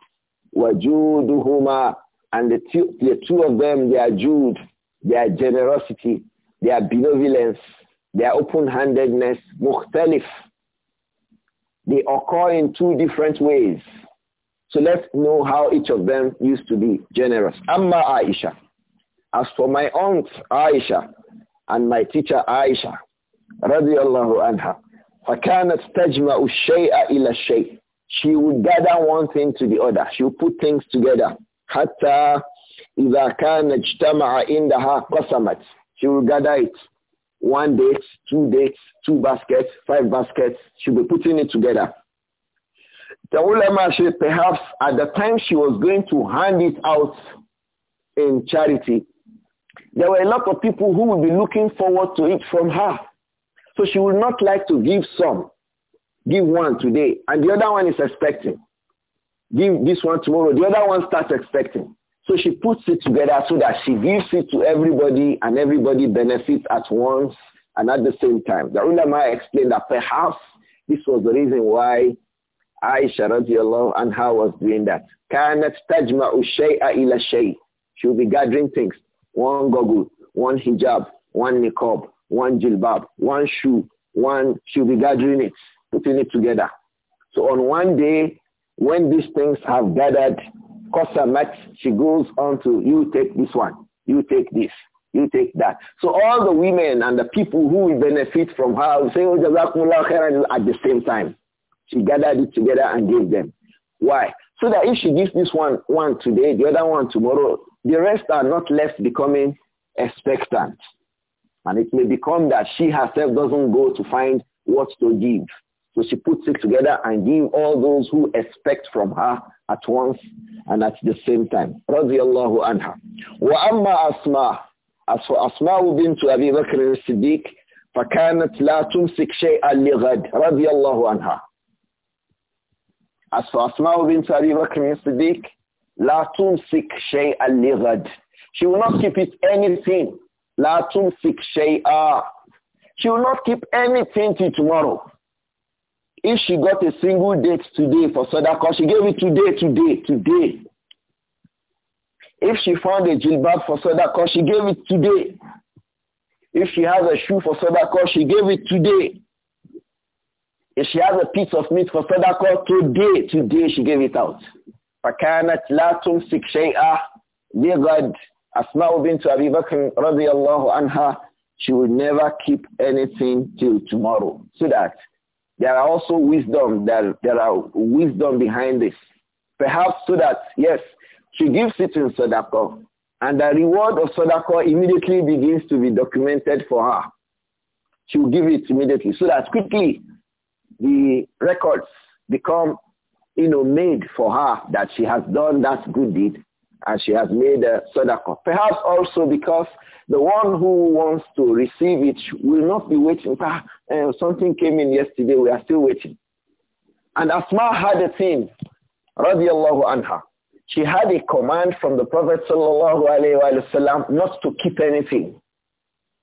وَجُودُهُمَا And the two, the two of them, their Jude, their generosity, their benevolence, their open-handedness, مختلف. They occur in two different ways. So let's know how each of them used to be generous. Amma Aisha. As for my aunt Aisha and my teacher Aisha, radiallahu anha, فَكَانَتْ تَجْمَعُ الشَّيْءَ إِلَى الشَّيْءِ She would gather one thing to the other. She would put things together. حَتَّى إِذَا كَانَ اجْتَمَعَ إِنْدَهَا قَسَمَتْ She would gather it. One date, two dates, two baskets, five baskets. She would be putting it together. The ulama, she perhaps at the time she was going to hand it out in charity, there were a lot of people who would be looking forward to it from her. So she would not like to give some. Give one today, and the other one is expecting. Give this one tomorrow. The other one starts expecting. So she puts it together so that she gives it to everybody and everybody benefits at once and at the same time. The ulama explained that perhaps this was the reason why Aisha radiallahu anha was doing that. كانت تجمع الشيء إلى شيء. She would be gathering things. One goggle, one hijab, one niqab, one jilbab, one shoe, one, she'll be gathering it, putting it together. So on one day, when these things have gathered, Kosamat, she goes on to, you take this one, you take this, you take that. So all the women and the people who will benefit from her will say, oh, Jazakumullah khairan at the same time. She gathered it together and gave them. Why? So that if she gives this one one today, the other one tomorrow, the rest are not left becoming expectant. And it may become that she herself doesn't go to find what to give. So she puts it together and give all those who expect from her at once and at the same time. Radiallahu anha. Wa amma asma. As for Asma bint Abi Bakr al-Siddiq, فكانت لا تمسك شيئا لغد رضي الله عنها as for Asma bint Abi Bakr Siddiq, La She will not keep it anything. La She will not keep anything till tomorrow. If she got a single date today for Sadaqah, she gave it today, today, today. If she found a jilbab for Sadaqah, she gave it today. If she has a shoe for Sadaqah, she gave it today. If she has a piece of meat for Sadaqah today, today she gave it out. فكانت لا تمسك شيئا لغد Asma bint Abi Bakr radiallahu anha, she will never keep anything till tomorrow. So that there are also wisdom, that there are wisdom behind this. Perhaps so that, yes, she gives it in Sadaqah. And the reward of Sadaqah immediately begins to be documented for her. She will give it immediately so that quickly the records become, you know, made for her that she has done that good deed and she has made a sadaqah. Perhaps also because the one who wants to receive it will not be waiting. Ah, uh, something came in yesterday. We are still waiting. And Asma had a thing, radiallahu anha. She had a command from the Prophet sallallahu alayhi wa sallam not to keep anything.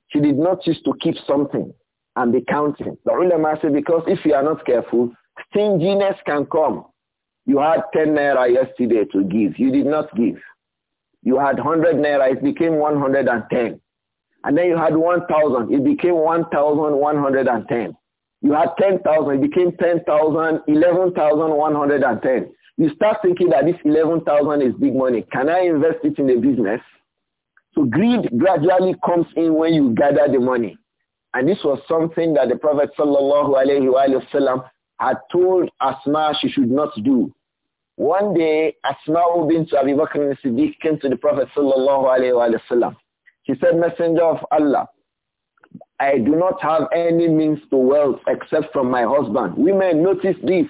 She did not choose to keep something and be counting. The ulama say because if you are not careful, stinginess can come. You had 10 naira yesterday to give. You did not give. You had 100 naira. It became 110. And then you had 1,000. It became 1,110. You had 10,000. It became 10,000, 11,110. You start thinking that this 11,000 is big money. Can I invest it in a business? So greed gradually comes in when you gather the money. And this was something that the Prophet sallallahu alayhi wasallam had told Asma she should not do. One day, Asma bint Abi Bakr al-Siddiq came to the Prophet sallallahu alayhi wasallam. She said, Messenger of Allah, I do not have any means to wealth except from my husband. Women, notice this.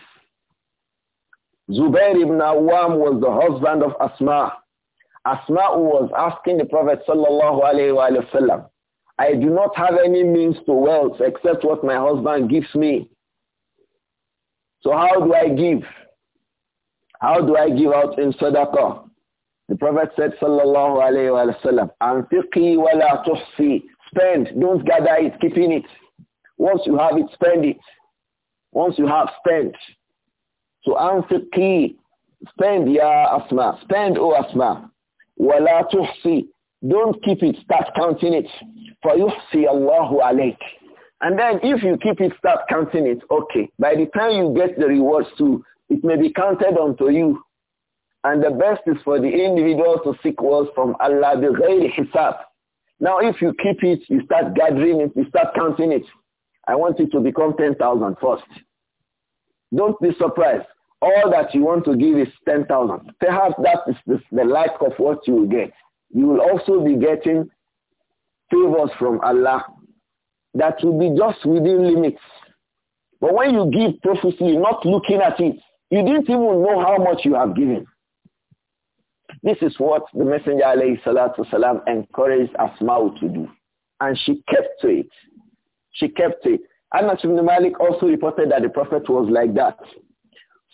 Zubair ibn Awam was the husband of Asma. Asma was asking the Prophet sallallahu alayhi wasallam, I do not have any means to wealth except what my husband gives me. So how do I give? How do I give out in sadaqah? The Prophet said, sallallahu alayhi Wasallam, anfiqi wa la tuhsi. Spend, don't gather it, keep in it. Once you have it, spend it. Once you have, spend. So anfiqi, spend ya asma, spend o asma. Wa la tuhsi. Don't keep it, start counting it. For you فَيُحْسِيَ اللَّهُ عَلَيْكِ And then if you keep it, start counting it. Okay. By the time you get the rewards too, it may be counted unto you. And the best is for the individual to seek words from Allah the بِغَيْرِ hisab. Now if you keep it, you start gathering it, you start counting it. I want it to become 10,000 first. Don't be surprised. All that you want to give is 10,000. Perhaps that is the, the like of what you will get. You will also be getting favors from Allah that will be just within limits. But when you give prophecy, not looking at it, you didn't even know how much you have given. This is what the Messenger والسلام, encouraged Asma to do. And she kept to it. She kept to it. Anas ibn Malik also reported that the Prophet was like that.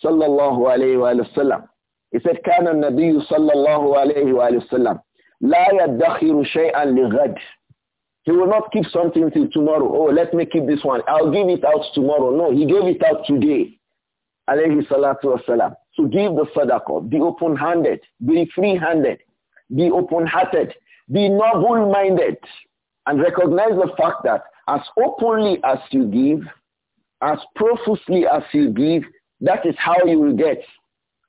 Sallallahu alayhi wa sallam. He said, كان النبي صلى الله عليه وآله وسلم لا يدخر شيئا لغد he will not keep something till tomorrow. Oh, let me keep this one. I'll give it out tomorrow. No, he gave it out today. Alayhi salatu wasalam. So give the sadaqah. Be open-handed. Be free-handed. Be open-hearted. Be noble-minded. And recognize the fact that as openly as you give, as profusely as you give, that is how you will get.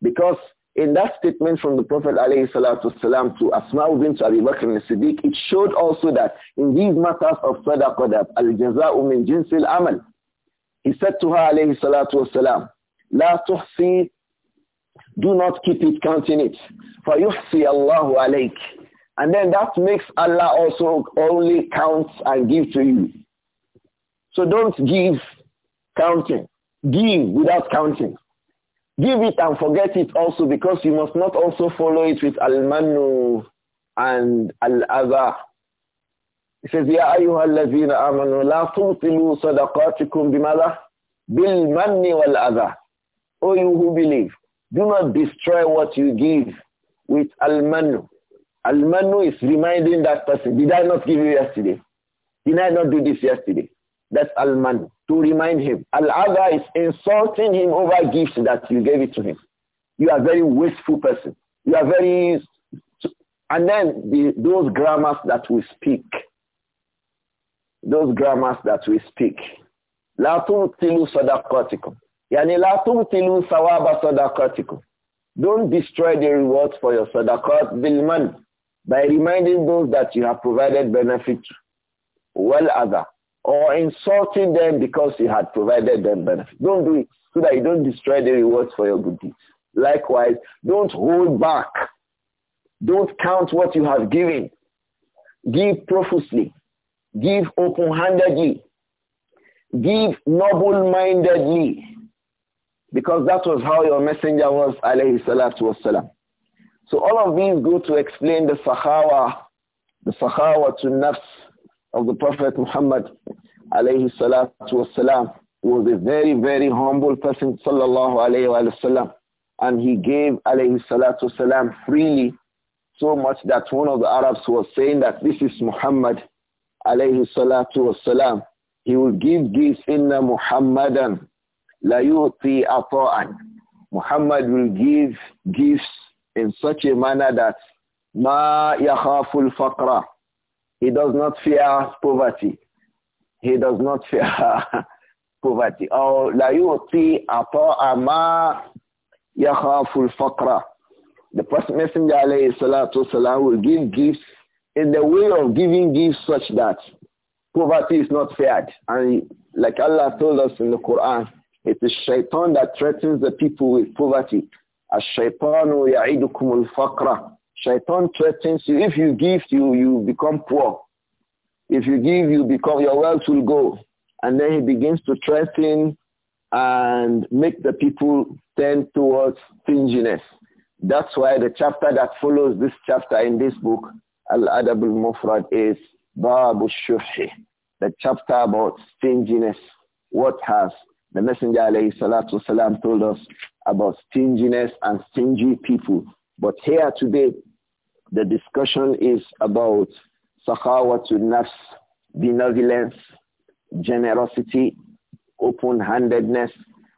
Because in that statement from the Prophet والسلام, to Asma bint Abi Bakr al-Siddiq, it showed also that in these matters of sadaqah that al-jaza'u min jinsil amal, he said to her alayhi salatu wasalam, la tuhsi, do not keep it, counting it. for Allah Allahu alayk. And then that makes Allah also only count and give to you. So don't give counting. Give without counting. Give it and forget it also because you must not also follow it with al and al-adha. He says, يَا أَيُّهَا الَّذِينَ آمَنُوا لَا تُبْطِلُوا صَدَقَاتِكُمْ بِمَاذَا بِالْمَنِّ وَالْأَذَى O you who believe, do not destroy what you give with al Almanu al is reminding that person, did I not give you yesterday? Did I not do this yesterday? That's al to remind him. Al-Adha is insulting him over gifts that you gave it to him. You are a very wasteful person. You are very... And then the, those grammars that we speak, those grammars that we speak, لا تبطلوا صدقاتكم يعني لا تبطلوا Don't destroy the rewards for your sadaqat bilman by reminding those that you have provided benefit to. Well other or insulting them because you had provided them benefit. Don't do it so that you don't destroy the rewards for your good deeds. Likewise, don't hold back. Don't count what you have given. Give profusely. Give open-handedly. Give noble-mindedly. Because that was how your messenger was, alayhi salatu wasalam. So all of these go to explain the sahawa, the sahawa to nafs, of the Prophet Muhammad alayhi salatu wasalam was a very, very humble person, sallallahu alayhi wa sallam. And he gave alayhi salatu wasalam freely so much that one of the Arabs was saying that this is Muhammad alayhi salatu wasalam. He will give gifts inna Muhammadan la yu'ti ata'an. Muhammad will give gifts in such a manner that ma yakhaful faqra he does not fear poverty. He does not fear poverty. Oh, la yu'ti ata'a ma yakhafu al-faqra. The first Messenger alayhi salatu wasalam will give gifts in the way of giving gifts such that poverty is not feared. And like Allah told us in the Quran, it is shaitan that threatens the people with poverty. الشيطان يعيدكم الفقر Shaitan threatens you. If you give, you, you become poor. If you give, you become, your wealth will go. And then he begins to threaten and make the people tend towards stinginess. That's why the chapter that follows this chapter in this book, Al-Adab al-Mufrad, is Bab al-Shuhi, the chapter about stinginess. What has the Messenger alayhi salatu salam told us about stinginess and stingy people. But here today, the discussion is about to nafs, benevolence, generosity, open-handedness,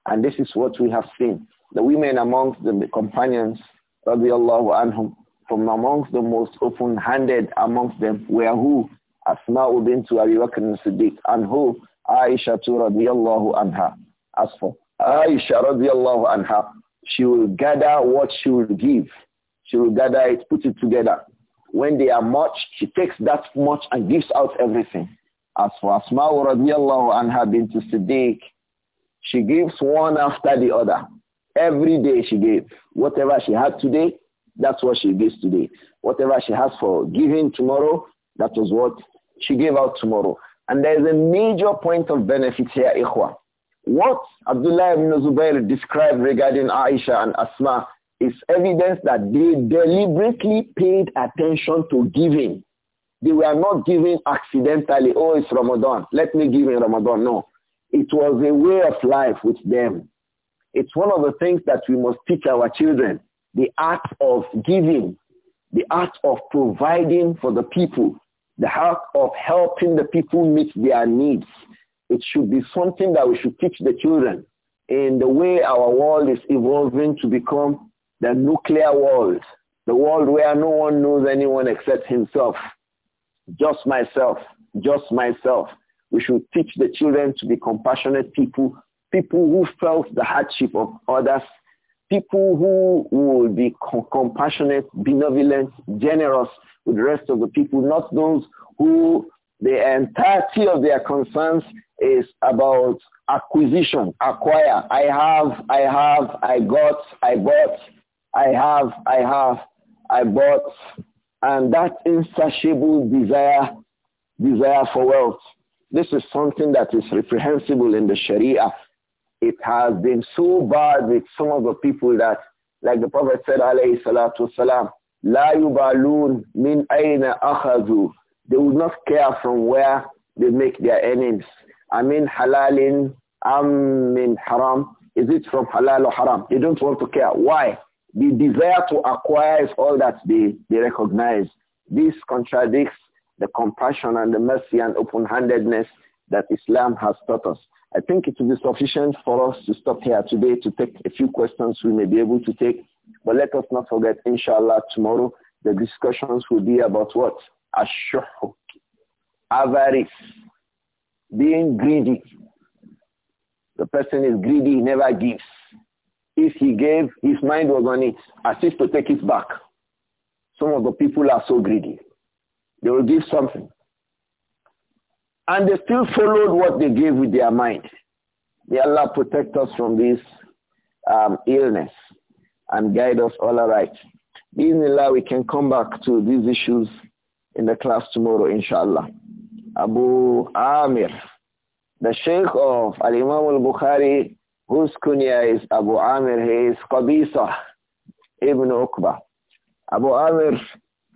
and this is what we have seen. The women amongst the companions, radiallahu anhum, from amongst the most open-handed amongst them were who? Asma bint Abi Bakr al-Siddiq, and who? Aisha radiallahu anha. As for Aisha radiallahu anha, she will gather what she will give she will gather it, put it together. When they are much, she takes that much and gives out everything. As for Asma radiallahu anha bint Siddiq, she gives one after the other. Every day she gave. Whatever she had today, that's what she gives today. Whatever she has for giving tomorrow, that was what she gave out tomorrow. And there is a major point of benefit here, Ikhwa. What Abdullah ibn Zubair described regarding Aisha and Asma is evidence that they deliberately paid attention to giving. They were not giving accidentally, oh, it's Ramadan. Let me give in Ramadan. No. It was a way of life with them. It's one of the things that we must teach our children, the art of giving, the art of providing for the people, the art of helping the people meet their needs. It should be something that we should teach the children in the way our world is evolving to become the nuclear world, the world where no one knows anyone except himself. Just myself, just myself. We should teach the children to be compassionate people, people who felt the hardship of others, people who will be compassionate, benevolent, generous with the rest of the people, not those who the entirety of their concerns is about acquisition, acquire. I have, I have, I got, I bought, I have, I have, I bought, and that insatiable desire, desire for wealth. This is something that is reprehensible in the Sharia. It has been so bad with some of the people that, like the Prophet said, alayhi salatu Salam, la yubalun min ayna akhadu. They would not care from where they make their earnings. I mean halalin, am min haram. Is it from halal or haram? They don't want to care. Why? The desire to acquire is all that they, they recognize. This contradicts the compassion and the mercy and open-handedness that Islam has taught us. I think it will be sufficient for us to stop here today to take a few questions we may be able to take. But let us not forget, inshallah, tomorrow the discussions will be about what? Ashuhuk, avarice, being greedy. The person is greedy, never gives. If he gave, his mind was on it, as if to take it back. Some of the people are so greedy. They will give something. And they still followed what they gave with their mind. May Allah protect us from this um, illness and guide us all aright. Bismillah, we can come back to these issues in the class tomorrow, inshallah. Abu Amir, the Sheikh of Al-Imam al-Bukhari whose kunya is Abu Amir, he is Qabisa ibn Uqba. Abu Amir,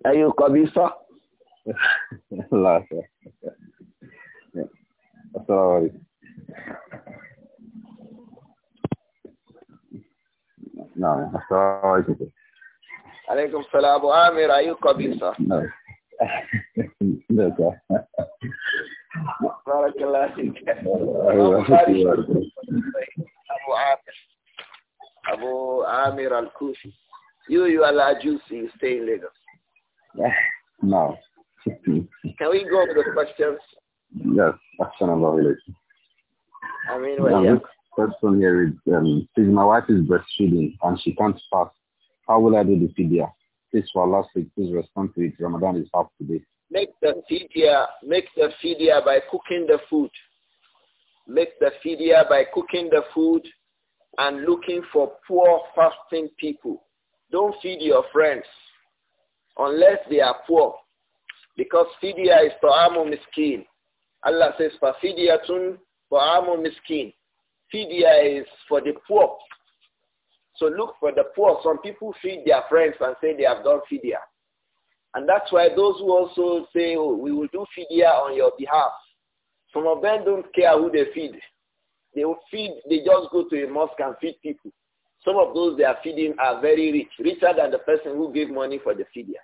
are you Qabisa? Allah. Assalamu alaikum. نعم السلام عليكم عليكم السلام أبو عامر أيو قبيصة بارك الله فيك Amir al You, you are juicy. you stay in Lagos. no. Can we go with the questions? Yes, question about it. I mean, well, yeah. Question here is, um, please, my wife is breastfeeding and she can't fast. How will I do the fidya? Please, for last week, please respond to it. Ramadan is up today. Make the fidya, make the fidya by cooking the food. Make the fidya by cooking the food and looking for poor fasting people. Don't feed your friends unless they are poor. Because fidya is ta'amu miskin. Allah says, فَفِدْيَةٌ طَعَامُ miskin. Fidya is for the poor. So look for the poor. Some people feed their friends and say they have done fidya. And that's why those who also say, oh, we will do fidya on your behalf. Some of them don't care who they feed. They will feed, they just go to a mosque and feed people. Some of those they are feeding are very rich, richer than the person who gave money for the fidya.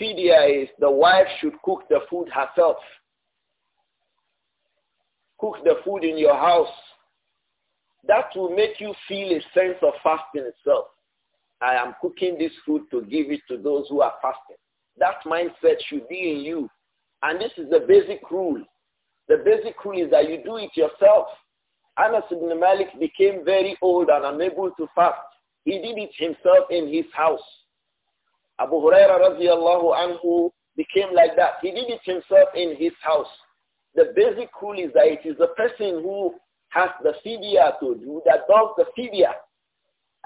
Fidya is the wife should cook the food herself. Cook the food in your house. That will make you feel a sense of fasting itself. I am cooking this food to give it to those who are fasting. That mindset should be in you. And this is the basic rule. The basic rule is that you do it yourself. Anas ibn Malik became very old and unable to fast. He did it himself in his house. Abu Huraira radiallahu anhu became like that. He did it himself in his house. The basic rule is that it is the person who has the fidya to do that does the fidya.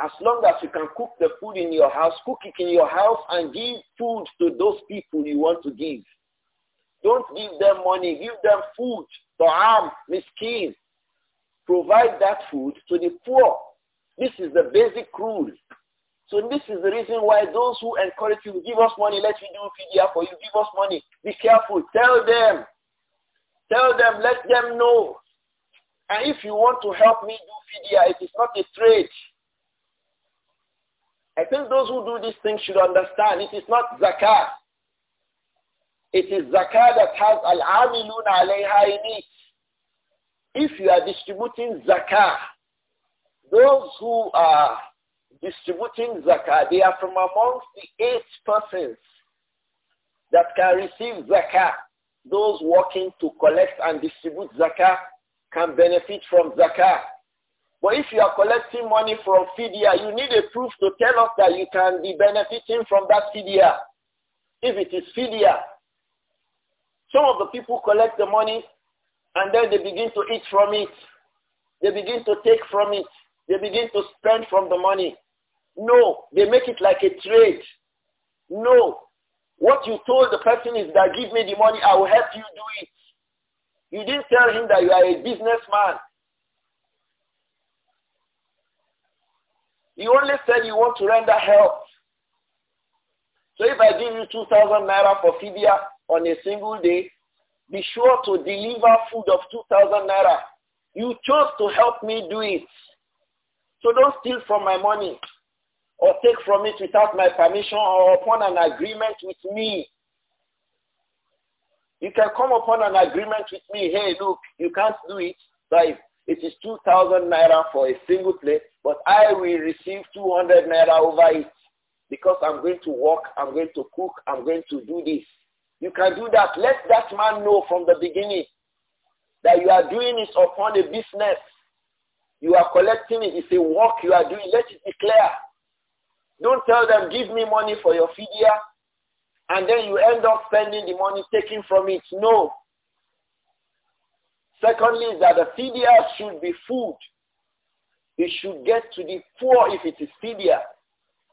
As long as you can cook the food in your house, cook it in your house and give food to those people you want to give. Don't give them money. Give them food, ta'am, miskin. Provide that food to the poor. This is the basic rule. So this is the reason why those who encourage you, give us money, let me do fidya for you, give us money. Be careful. Tell them. Tell them, let them know. And if you want to help me do fidya, it is not a trade. I think those who do these things should understand it is not zakat. It is zakah that has al-amilun alayha If you are distributing zakah, those who are distributing zakah, they are from amongst the eight persons that can receive zakah. Those working to collect and distribute zakah can benefit from zakah. But if you are collecting money from fidya, you need a proof to tell us that you can be benefiting from that fidya. If it is fidya, some of the people collect the money and then they begin to eat from it. They begin to take from it. They begin to spend from the money. No, they make it like a trade. No. What you told the person is that give me the money, I will help you do it. You didn't tell him that you are a businessman. You only said you want to render help. So if I give you 2,000 naira for Fibia, on a single day, be sure to deliver food of 2,000 naira. You chose to help me do it. So don't steal from my money or take from it without my permission or upon an agreement with me. You can come upon an agreement with me. Hey, look, you can't do it. Like, it is 2,000 naira for a single plate, but I will receive 200 naira over it because I'm going to work, I'm going to cook, I'm going to do this. You can do that. Let that man know from the beginning that you are doing it upon a business. You are collecting it. It's a work you are doing. Let it be clear. Don't tell them, give me money for your fidya, and then you end up spending the money taken from it. No. Secondly, is that the fidya should be food. It should get to the poor if it is fidya.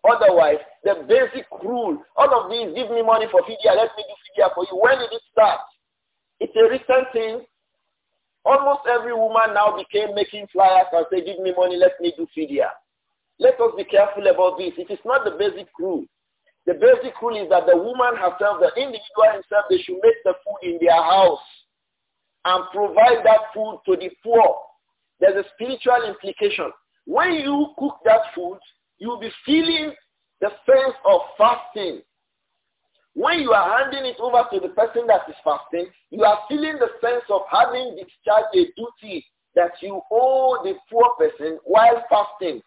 Otherwise, the basic rule, all of these, give me money for fidya, let me do fidya for you. When did it start? It's a recent thing. Almost every woman now became making flyers and say, give me money, let me do fidya. Let us be careful about this. It is not the basic rule. The basic rule is that the woman herself, the individual himself, they should make the food in their house and provide that food to the poor. There's a spiritual implication. When you cook that food, you will be feeling the sense of fasting. When you are handing it over to the person that is fasting, you are feeling the sense of having discharged a duty that you owe the poor person while fasting.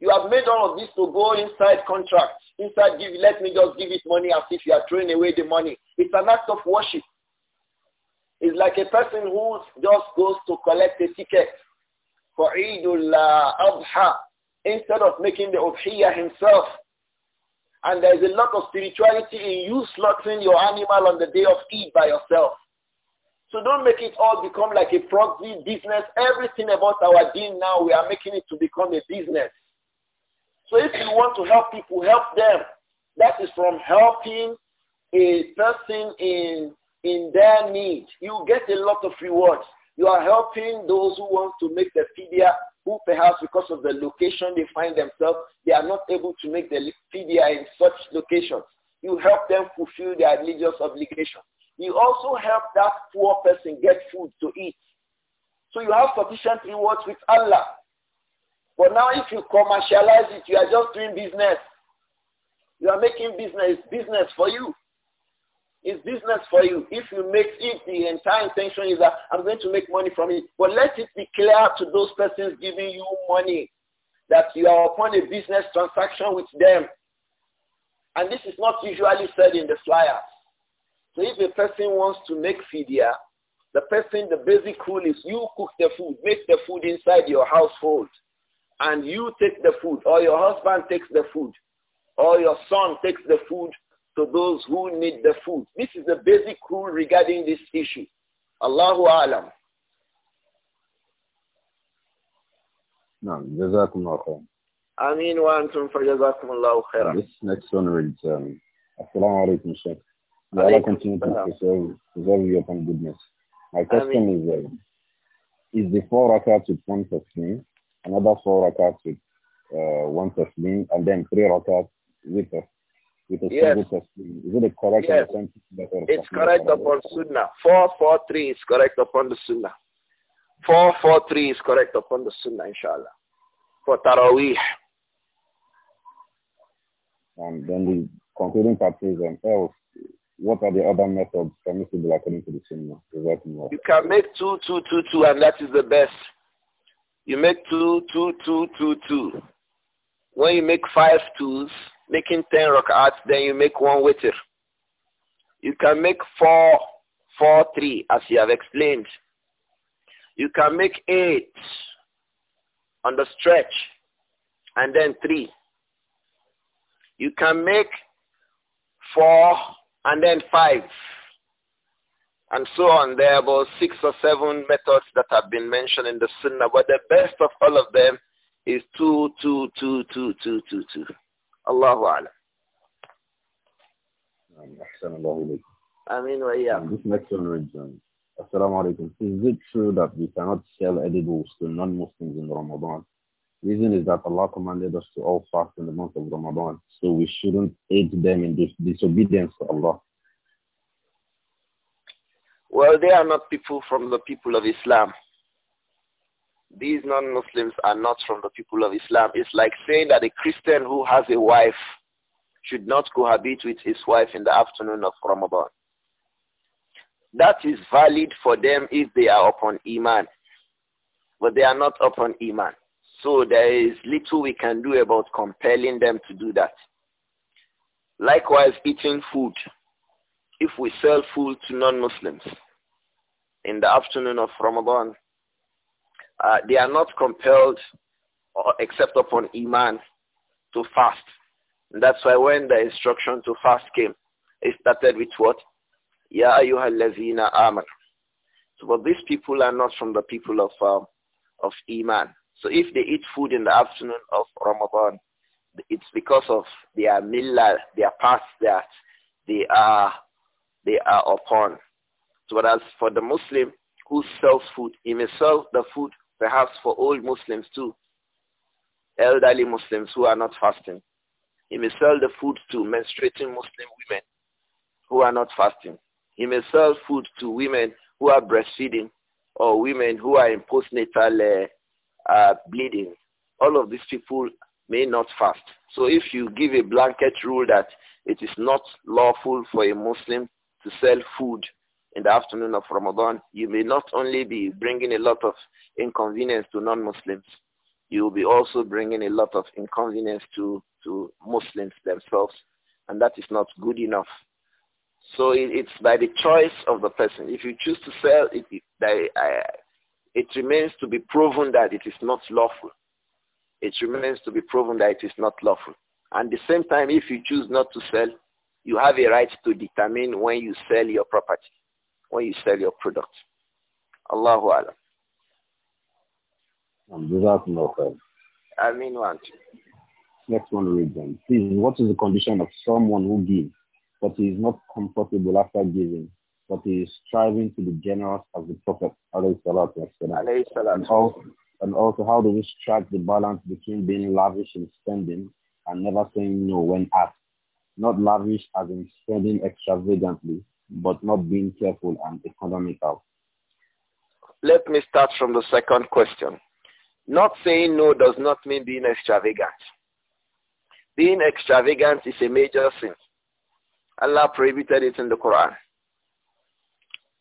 You have made all of this to go inside contracts, inside give, let me just give it money as if you are throwing away the money. It's an act of worship. It's like a person who just goes to collect a ticket for Eid al-Adha instead of making the udhiyah himself. And there's a lot of spirituality in you slaughtering your animal on the day of Eid by yourself. So don't make it all become like a proxy business. Everything about our deen now, we are making it to become a business. So if you want to help people, help them. That is from helping a person in, in their need. You get a lot of rewards. You are helping those who want to make the fidya who perhaps because of the location they find themselves, they are not able to make the fidya in such locations. You help them fulfill their religious obligation. You also help that poor person get food to eat. So you have sufficient rewards with Allah. But now if you commercialize it, you are just doing business. You are making business business for you. It's business for you. If you make it, the entire intention is that I'm going to make money from it. But let it be clear to those persons giving you money that you are upon a business transaction with them. And this is not usually said in the flyers. So if a person wants to make fidya, the person, the basic rule is you cook the food, make the food inside your household, and you take the food, or your husband takes the food, or your son takes the food to those who need the food. This is the basic rule regarding this issue. Allahu Alam. نعم جزاكم الله خيرا امين وانتم فجزاكم this next one reads um, assalamu alaikum shaykh may allah continue to preserve, preserve you upon goodness my question Ameen. is uh, is the four rakats with one taslim another four rakats with uh, one taslim and then three rakats with a with a yes. Is it correct yes. It's correct upon Sunnah. 443 is correct upon the Sunnah. 443 is correct upon the Sunnah, inshallah. For Taraweeh. And then the concluding part is and else, what are the other methods permissible according to the Sunnah? You can make two, two, two, two, and that is the best. You make two, two, two, two, two. When you make five twos, making 10 rak'ats, then you make one witr. You can make four, four, three, as you have explained. You can make eight on the stretch, and then three. You can make four, and then five. And so on. There are about six or seven methods that have been mentioned in the Sunnah, but the best of all of them is two, two, two, two, two, two, two. two. Allahu Alam. أحسن الله إليك. آمين وإياك. This next one reads, um, Assalamu alaikum. Is it true that we cannot sell edibles to non-Muslims in Ramadan? Reason is that Allah commanded us to all fast in the month of Ramadan, so we shouldn't aid them in this disobedience to Allah. Well, they are not people from the people of Islam these non-Muslims are not from the people of Islam. It's like saying that a Christian who has a wife should not cohabit with his wife in the afternoon of Ramadan. That is valid for them if they are upon Iman. But they are not upon Iman. So there is little we can do about compelling them to do that. Likewise, eating food. If we sell food to non-Muslims in the afternoon of Ramadan, uh, they are not compelled, except upon Iman, to fast. And that's why when the instruction to fast came, it started with what? Ya ayyuhallazina amanu. So, but these people are not from the people of, um, of Iman. So if they eat food in the afternoon of Ramadan, it's because of their millah, their path that they are, they are upon. So as for the Muslim who sells food, he may sell the food Perhaps for old Muslims too, elderly Muslims who are not fasting. He may sell the food to menstruating Muslim women who are not fasting. He may sell food to women who are breastfeeding or women who are in postnatal uh, uh, bleeding. All of these people may not fast. So if you give a blanket rule that it is not lawful for a Muslim to sell food in the afternoon of Ramadan, you may not only be bringing a lot of inconvenience to non-Muslims, you will be also bringing a lot of inconvenience to, to Muslims themselves, and that is not good enough. So it, it's by the choice of the person. If you choose to sell, it, it, it remains to be proven that it is not lawful. It remains to be proven that it is not lawful. And at the same time, if you choose not to sell, you have a right to determine when you sell your property when you sell your product. Allahu Alam. I mean one. Next one reads Please, what is the condition of someone who gives, but he is not comfortable after giving, but he is striving to be generous as the Prophet, and also, and also how do we strike the balance between being lavish in spending and never saying no when asked? Not lavish as in spending extravagantly, but not being careful and economical. Let me start from the second question. Not saying no does not mean being extravagant. Being extravagant is a major sin. Allah prohibited it in the Quran.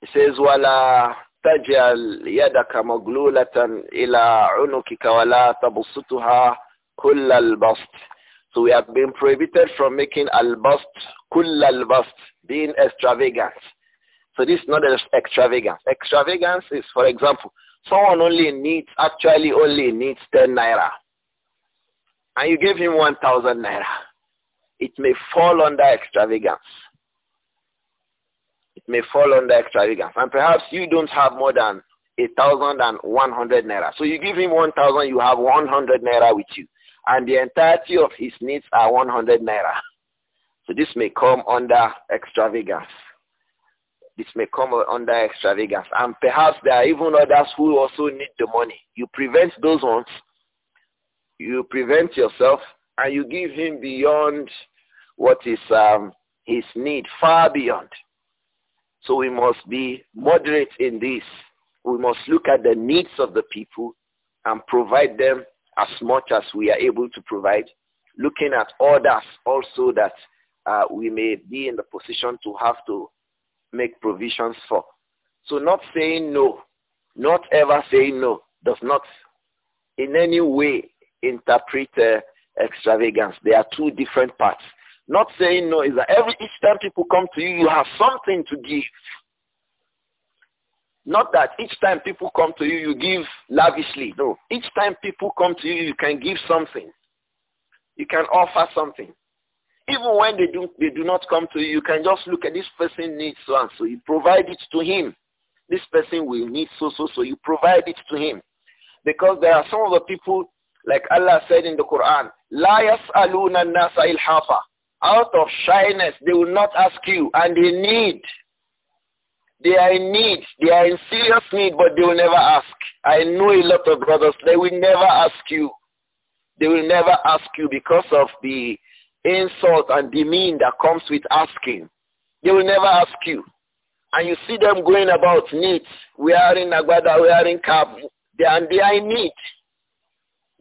He says, وَلَا تَجْعَلْ يَدَكَ مَغْلُولَةً إِلَىٰ عُنُكِكَ وَلَا تَبُسُّتُهَا كُلَّ الْبَسْطِ So we have been prohibited from making al-bast, kull al-bast, being extravagant. So this is not extravagance. Extravagance is, for example, someone only needs, actually only needs 10 naira. And you give him 1,000 naira. It may fall under extravagance. It may fall under extravagance. And perhaps you don't have more than 1,100 naira. So you give him 1,000, you have 100 naira with you. And the entirety of his needs are 100 naira. So this may come under extravagance. This may come under extravagance. And perhaps there are even others who also need the money. You prevent those ones. You prevent yourself and you give him beyond what is um, his need, far beyond. So we must be moderate in this. We must look at the needs of the people and provide them as much as we are able to provide, looking at others also that uh, we may be in the position to have to make provisions for. So not saying no, not ever saying no, does not in any way interpret uh, extravagance. There are two different parts. Not saying no is that every each time people come to you, you have something to give. Not that each time people come to you, you give lavishly. No. Each time people come to you, you can give something. You can offer something. Even when they do, they do not come to you, you can just look at this person needs so and so. You provide it to him. This person will need so, so, so. You provide it to him. Because there are some of the people, like Allah said in the Quran, "Layas aluna nasa ilhafa. Out of shyness, they will not ask you, and they need. They are in need. They are in serious need, but they will never ask. I know a lot of brothers, they will never ask you. They will never ask you because of the insult and demean that comes with asking. They will never ask you. And you see them going about neat, wearing Aguda. wearing are they, Kabul. they are in need.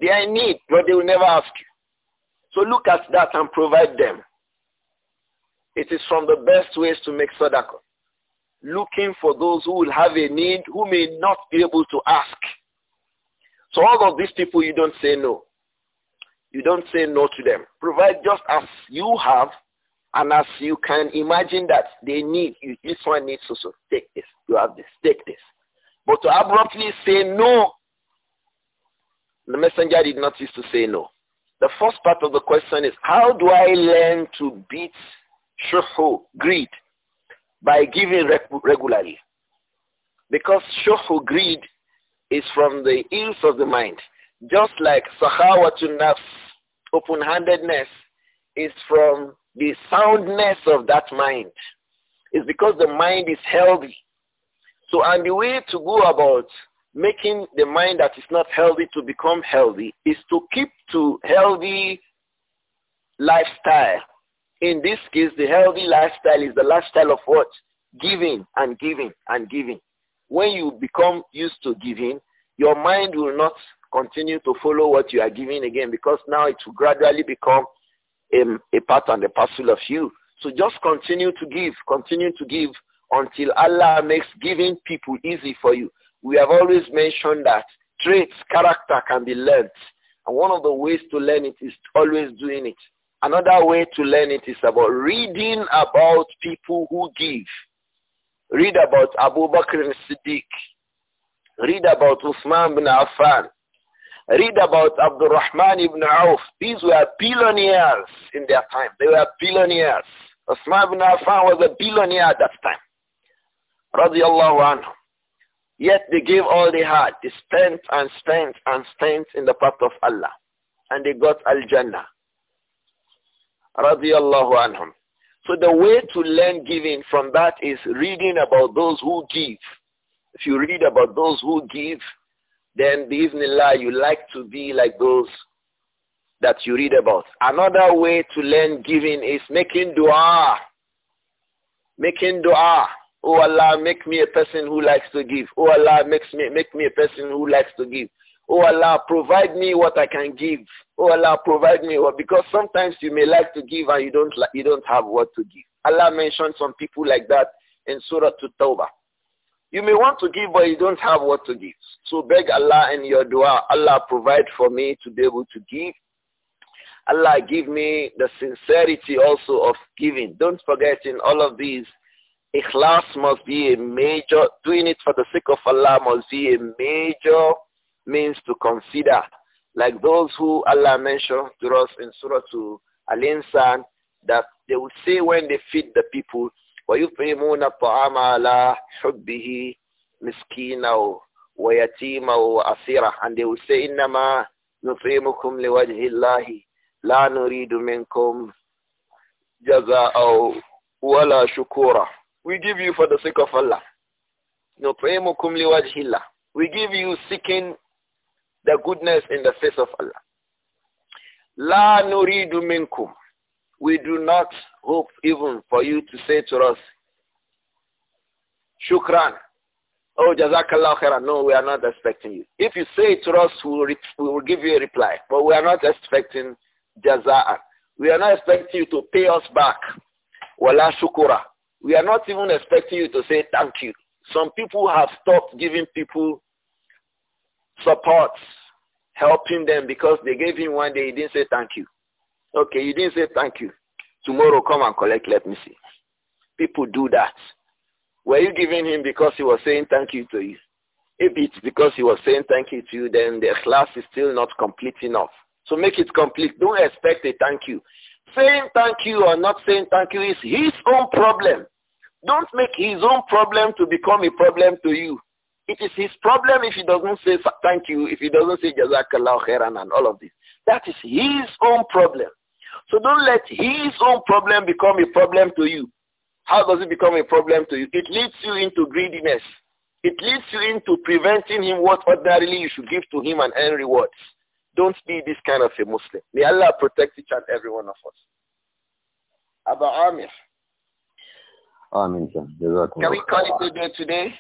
They are in need, but they will never ask you. So look at that and provide them. It is from the best ways to make sadaqah. Looking for those who will have a need, who may not be able to ask. So all of these people, you don't say no. You don't say no to them. Provide just as you have and as you can imagine that they need you. This one needs so, so take this. You have this. Take this. But to abruptly say no, the messenger did not used to say no. The first part of the question is, how do I learn to beat shoho, greed, by giving regularly? Because shoho, greed, is from the ills of the mind. Just like sahawatun nafs, open-handedness, is from the soundness of that mind. It's because the mind is healthy. So, and the way to go about making the mind that is not healthy to become healthy is to keep to healthy lifestyle. In this case, the healthy lifestyle is the lifestyle of what? Giving and giving and giving. When you become used to giving, your mind will not Continue to follow what you are giving again because now it will gradually become a, a part and a parcel of you. So just continue to give, continue to give until Allah makes giving people easy for you. We have always mentioned that traits, character can be learned. And one of the ways to learn it is always doing it. Another way to learn it is about reading about people who give. Read about Abu Bakr al-Siddiq. Read about Uthman bin Affan. Read about Abdul Rahman ibn Auf. These were billionaires in their time. They were billionaires. Osman ibn Affan was a billionaire at that time. Radiallahu anhu. Yet they gave all they had. They spent and spent and spent in the path of Allah. And they got Al-Jannah. Radiallahu anhum. So the way to learn giving from that is reading about those who give. If you read about those who give, then bi'ithnillah, you like to be like those that you read about. Another way to learn giving is making dua. Making dua. Oh Allah, make me a person who likes to give. Oh Allah, makes me, make me a person who likes to give. Oh Allah, provide me what I can give. Oh Allah, provide me what, because sometimes you may like to give and you don't, you don't have what to give. Allah mentioned some people like that in Surah At-Tawbah. You may want to give, but you don't have what to give. So beg Allah in your dua, Allah provide for me to be able to give. Allah give me the sincerity also of giving. Don't forget in all of these, ikhlas must be a major, doing it for the sake of Allah must be a major means to consider. Like those who Allah mentioned to us in Surah to Al-Insan, that they will say when they feed the people, وَيُطْعِمُونَ الطَّعَامَ عَلَىٰ حُبِّهِ وَيَتِيمًا وَأَسِيرًا And they will say, إِنَّمَا نُطْعِمُكُمْ لِوَجْهِ اللَّهِ لَا نُرِيدُ مِنْكُمْ جَزَاءً وَلَا شُكُورًا We give you for the sake of Allah. نُطْعِمُكُمْ لِوَجْهِ اللَّهِ We give you seeking the goodness in the face of Allah. La nuridu minkum. We do not hope even for you to say to us, Shukran oh, Jazakallah khairan. No, we are not expecting you. If you say it to us, we will, we will give you a reply. But we are not expecting jazaa. We are not expecting you to pay us back. Wala shukura. We are not even expecting you to say thank you. Some people have stopped giving people support, helping them because they gave him one day, he didn't say thank you. Okay, you didn't say thank you. Tomorrow come and collect, let me see. People do that. Were you giving him because he was saying thank you to you? If it's because he was saying thank you to you, then the class is still not complete enough. So make it complete. Don't expect a thank you. Saying thank you or not saying thank you is his own problem. Don't make his own problem to become a problem to you. It is his problem if he doesn't say thank you, if he doesn't say jazakallah khairan and all of this. That is his own problem. So don't let his own problem become a problem to you. How does it become a problem to you? It leads you into greediness. It leads you into preventing him what ordinarily you should give to him and earn rewards. Don't be this kind of a Muslim. May Allah protect each and every one of us. Abu Amir. Amin, sir. Can we call it a day today?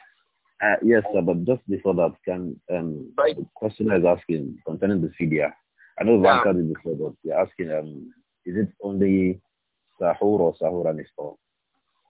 Uh, yes, sir, but just before that, can um, the questioner is asking concerning the fidya. I know Vanka yeah. did before, but they're asking, um, is it only sahur or sahur and iftar?